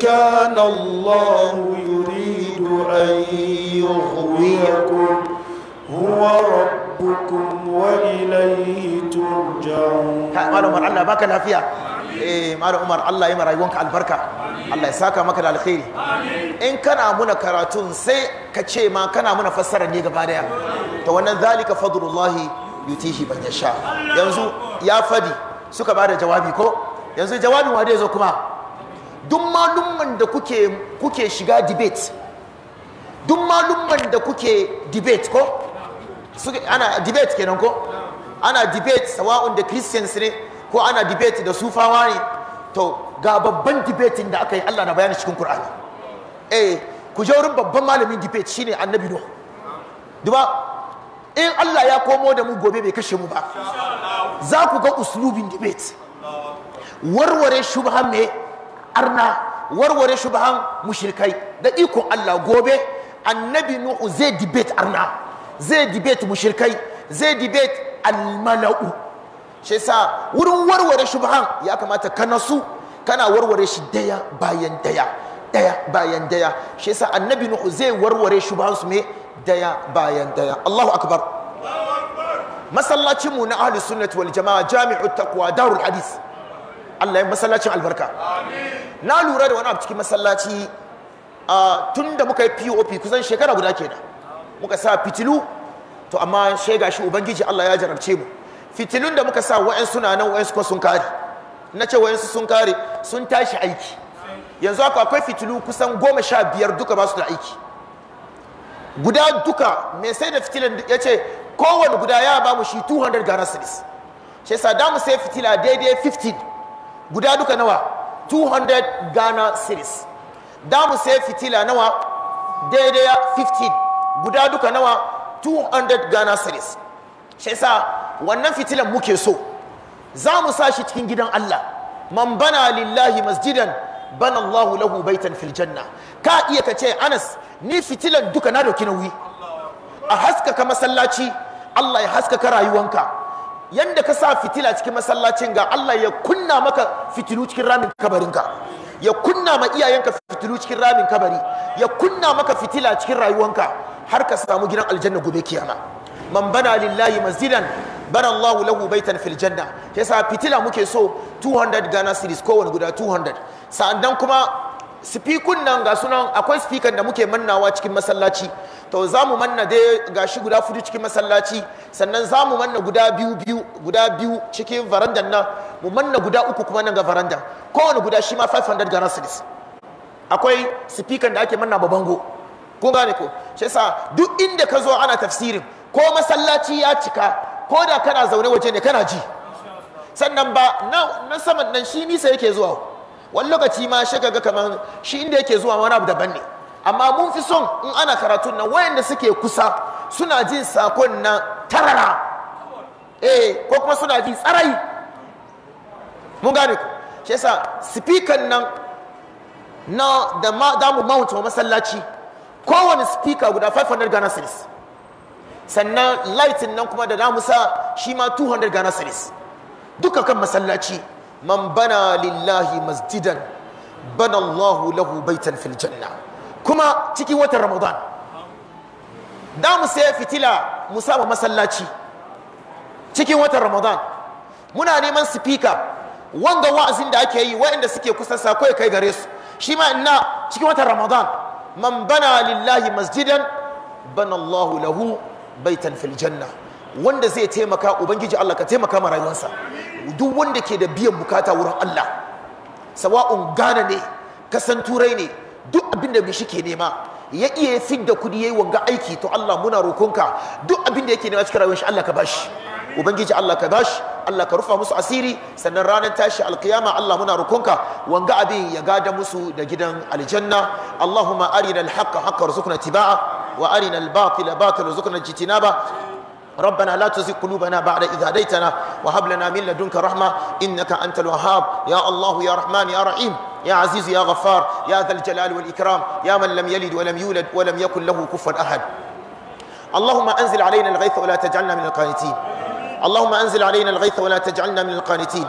كان الله يريد أن يغويكم هو ربكم وإليه ترجعون. Malam Allah baka فيها. eh malam umar Allah ya yi rayuwanka albarka Allah ya saka maka da alkhairi in kana muna karatun sai ka ce ma kana muna fassara ne gaba daya to wannan zalika fadlullah yutihi ban yasha yanzu ya fadi suka bada jawabi ko yanzu jawabin wa zo kuma duk malumman da kuke kuke shiga debate duk malumman da kuke debate ko ana debate kenan ko ana debate sawa'un da christians ne ko ana debate da sufawa ne to ga babban debate da aka yi Allah na bayani cikin Qur'ani eh ku je wurin babban malamin debate shine Annabi Nuh duba in Allah ya komo da mu gobe bai kashe mu ba za ku ga uslubin debate warware shubhan me arna warware shubhan mushrikai da ikon Allah gobe Annabi Nuh zai debate arna zai debate mushrikai zai debate almala'u shi sa wurin warware shubhan ya kamata ka nasu kana warware shi daya bayan daya daya bayan daya shi sa annabi nuhu zai warware shubhan su me daya bayan daya Allahu akbar masallacin mu na ahli sunnati wal jamaa jami'u taqwa darul hadis Allah ya masallacin albarka na lura da wani abu cikin masallaci tun da muka yi POP kusan shekara guda kenan muka sa fitilu to amma shega shi ubangiji Allah ya jarabce mu fitilun da muka sa wa'ansu suna nan wa'ansu kuma sun kare na ce wa'ansu sun kare sun tashi aiki yanzu haka akwai fitilu kusan goma sha biyar duka ba su da aiki guda duka mai sai da fitilan ya ce kowane guda ya ba mu shi 200 gara silis shi yasa da mu sai fitila daidai 15 guda duka nawa 200 Ghana series da mu sai fitila nawa daidai 15 guda duka nawa 200 Ghana series shi yasa wannan fitilan muke so za mu sa shi cikin gidan Allah man bana lillahi masjidan bana Allahu lahu baitan fil janna ka iya ka ce Anas ni fitilan duka na doki nauyi a haskaka masallaci Allah ya haskaka rayuwanka yanda ka sa fitila cikin masallacin ga Allah ya kunna maka fitilu cikin ramin kabarinka ya kunna ma iyayenka fitilu cikin ramin kabari ya kunna maka fitila cikin rayuwanka har ka samu gidan aljanna gobe kiyama man bana lillahi masjidan bana Allahu lahu baitan fil janna yasa fitila muke so 200 Ghana series kowane guda 200 sa'annan kuma sifikun nan ga sunan akwai sifikan da muke mannawa cikin masallaci to za mu manna dai gashi guda fudu cikin masallaci sannan za mu manna guda biyu biyu guda biyu cikin varandan nan mu manna guda uku kuma nan ga varanda kowane guda shi ma 500 Ghana cedis akwai sifikan da ake manna ba bango gane ko shi yasa duk inda ka zo ana tafsirin ko masallaci ya cika ko da kana zaune waje ne kana ji sannan ba na saman nan shi nisa yake zuwa wani lokaci ma shi ga kamar shi inda yake zuwa wani abu daban ne amma mun fi son in ana karatun nan wayanda suke kusa suna jin sakon na tarara eh ko kuma suna ji tsarai mun gane ku shi yasa speaker nan na da ma damu masallaci kowane speaker guda 500 Ghana cedis sannan lightin nan kuma da namusa shima shi ma 200 Ghana cedis duka kan masallaci man bana lillahi masjidan bana Allahu lahu baitan fil kuma cikin watan Ramadan da mu fitila mu masallaci cikin watan Ramadan muna neman speaker wanga wa'azin da ake yi waɗanda suke kusa sako ya kai gare su shi ma ina cikin watan Ramadan man bana lillahi masjidan bana Allahu lahu baitan fil wanda zai taimaka ubangiji Allah ka taimaka ma rayuwarsa duk wanda ke da biyan bukata wurin Allah sawa'un gana ne kasan turai ne duk abin da shi ke nema ya iya fidda kudi yayi wanga aiki to Allah muna rokonka duk abin da yake nema cikin rayuwar Allah ka bashi ubangiji Allah ka bashi Allah ka rufa musu asiri sannan ranar tashi alkiyama Allah muna rokonka wanga abin ya gada musu da gidan aljanna Allahumma arina alhaqqa haqqa warzuqna tibaa وارنا الباطل باطلا وارزقنا اجتنابه ربنا لا تزغ قلوبنا بعد إذ هديتنا وهب لنا من لدنك رحمة إنك أنت الوهاب يا الله يا رحمن يا رحيم يا عزيز يا غفار يا ذا الجلال والإكرام يا من لم يلد ولم يولد ولم يكن له كفوا أحد اللهم أنزل علينا الغيث ولا تجعلنا من القانتين اللهم أنزل علينا الغيث ولا تجعلنا من القانتين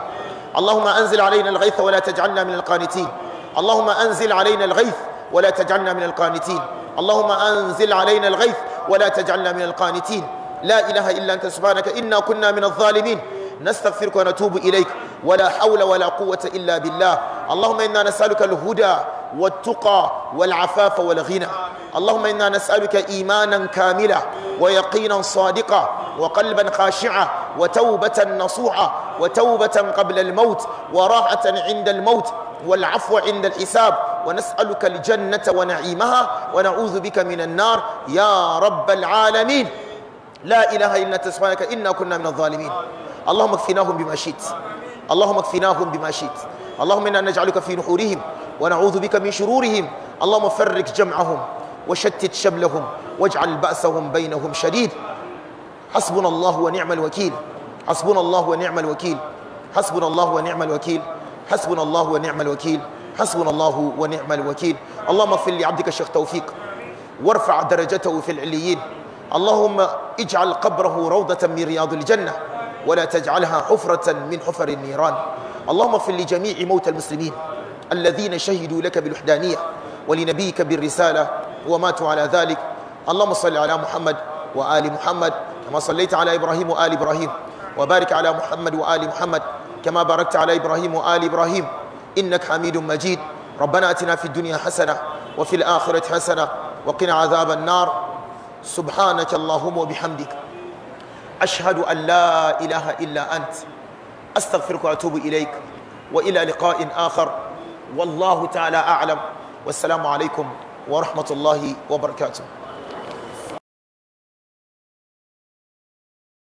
اللهم أنزل علينا الغيث ولا تجعلنا من القانتين اللهم أنزل علينا الغيث ولا تجعلنا من القانتين اللهم أنزل علينا الغيث ولا تجعلنا من القانتين لا إله إلا أنت سبحانك إنا كنا من الظالمين نستغفرك ونتوب إليك ولا حول ولا قوة إلا بالله اللهم إنا نسألك الهدى والتقى والعفاف والغنى اللهم إنا نسألك إيمانا كاملا ويقينا صادقا وقلبا خاشعا وتوبة نصوحة وتوبة قبل الموت وراحة عند الموت والعفو عند الحساب ونسألك الجنة ونعيمها ونعوذ بك من النار يا رب العالمين لا إله إلا أنت سبحانك إنا كنا من الظالمين اللهم اكفناهم بما شئت اللهم اكفناهم بما شئت اللهم إنا نجعلك في نحورهم ونعوذ بك من شرورهم اللهم فرق جمعهم وشتت شملهم واجعل بأسهم بينهم شديد حسبنا الله ونعم الوكيل حسبنا الله ونعم الوكيل حسبنا الله ونعم الوكيل حسبنا الله ونعم الوكيل حسبنا الله ونعم الوكيل اللهم اغفر لعبدك الشيخ توفيق وارفع درجته في العليين اللهم اجعل قبره روضة من رياض الجنة ولا تجعلها حفرة من حفر النيران اللهم اغفر لجميع موتى المسلمين الذين شهدوا لك بالوحدانية ولنبيك بالرسالة وماتوا على ذلك اللهم صل على محمد وآل محمد كما صليت على إبراهيم وآل إبراهيم وبارك على محمد وآل محمد كما باركت على إبراهيم وآل إبراهيم إنك حميد مجيد ربنا أتنا في الدنيا حسنة وفي الآخرة حسنة وقنا عذاب النار سبحانك اللهم وبحمدك أشهد أن لا إله إلا أنت أستغفرك وأتوب إليك وإلى لقاء آخر والله تعالى أعلم والسلام عليكم ورحمة الله وبركاته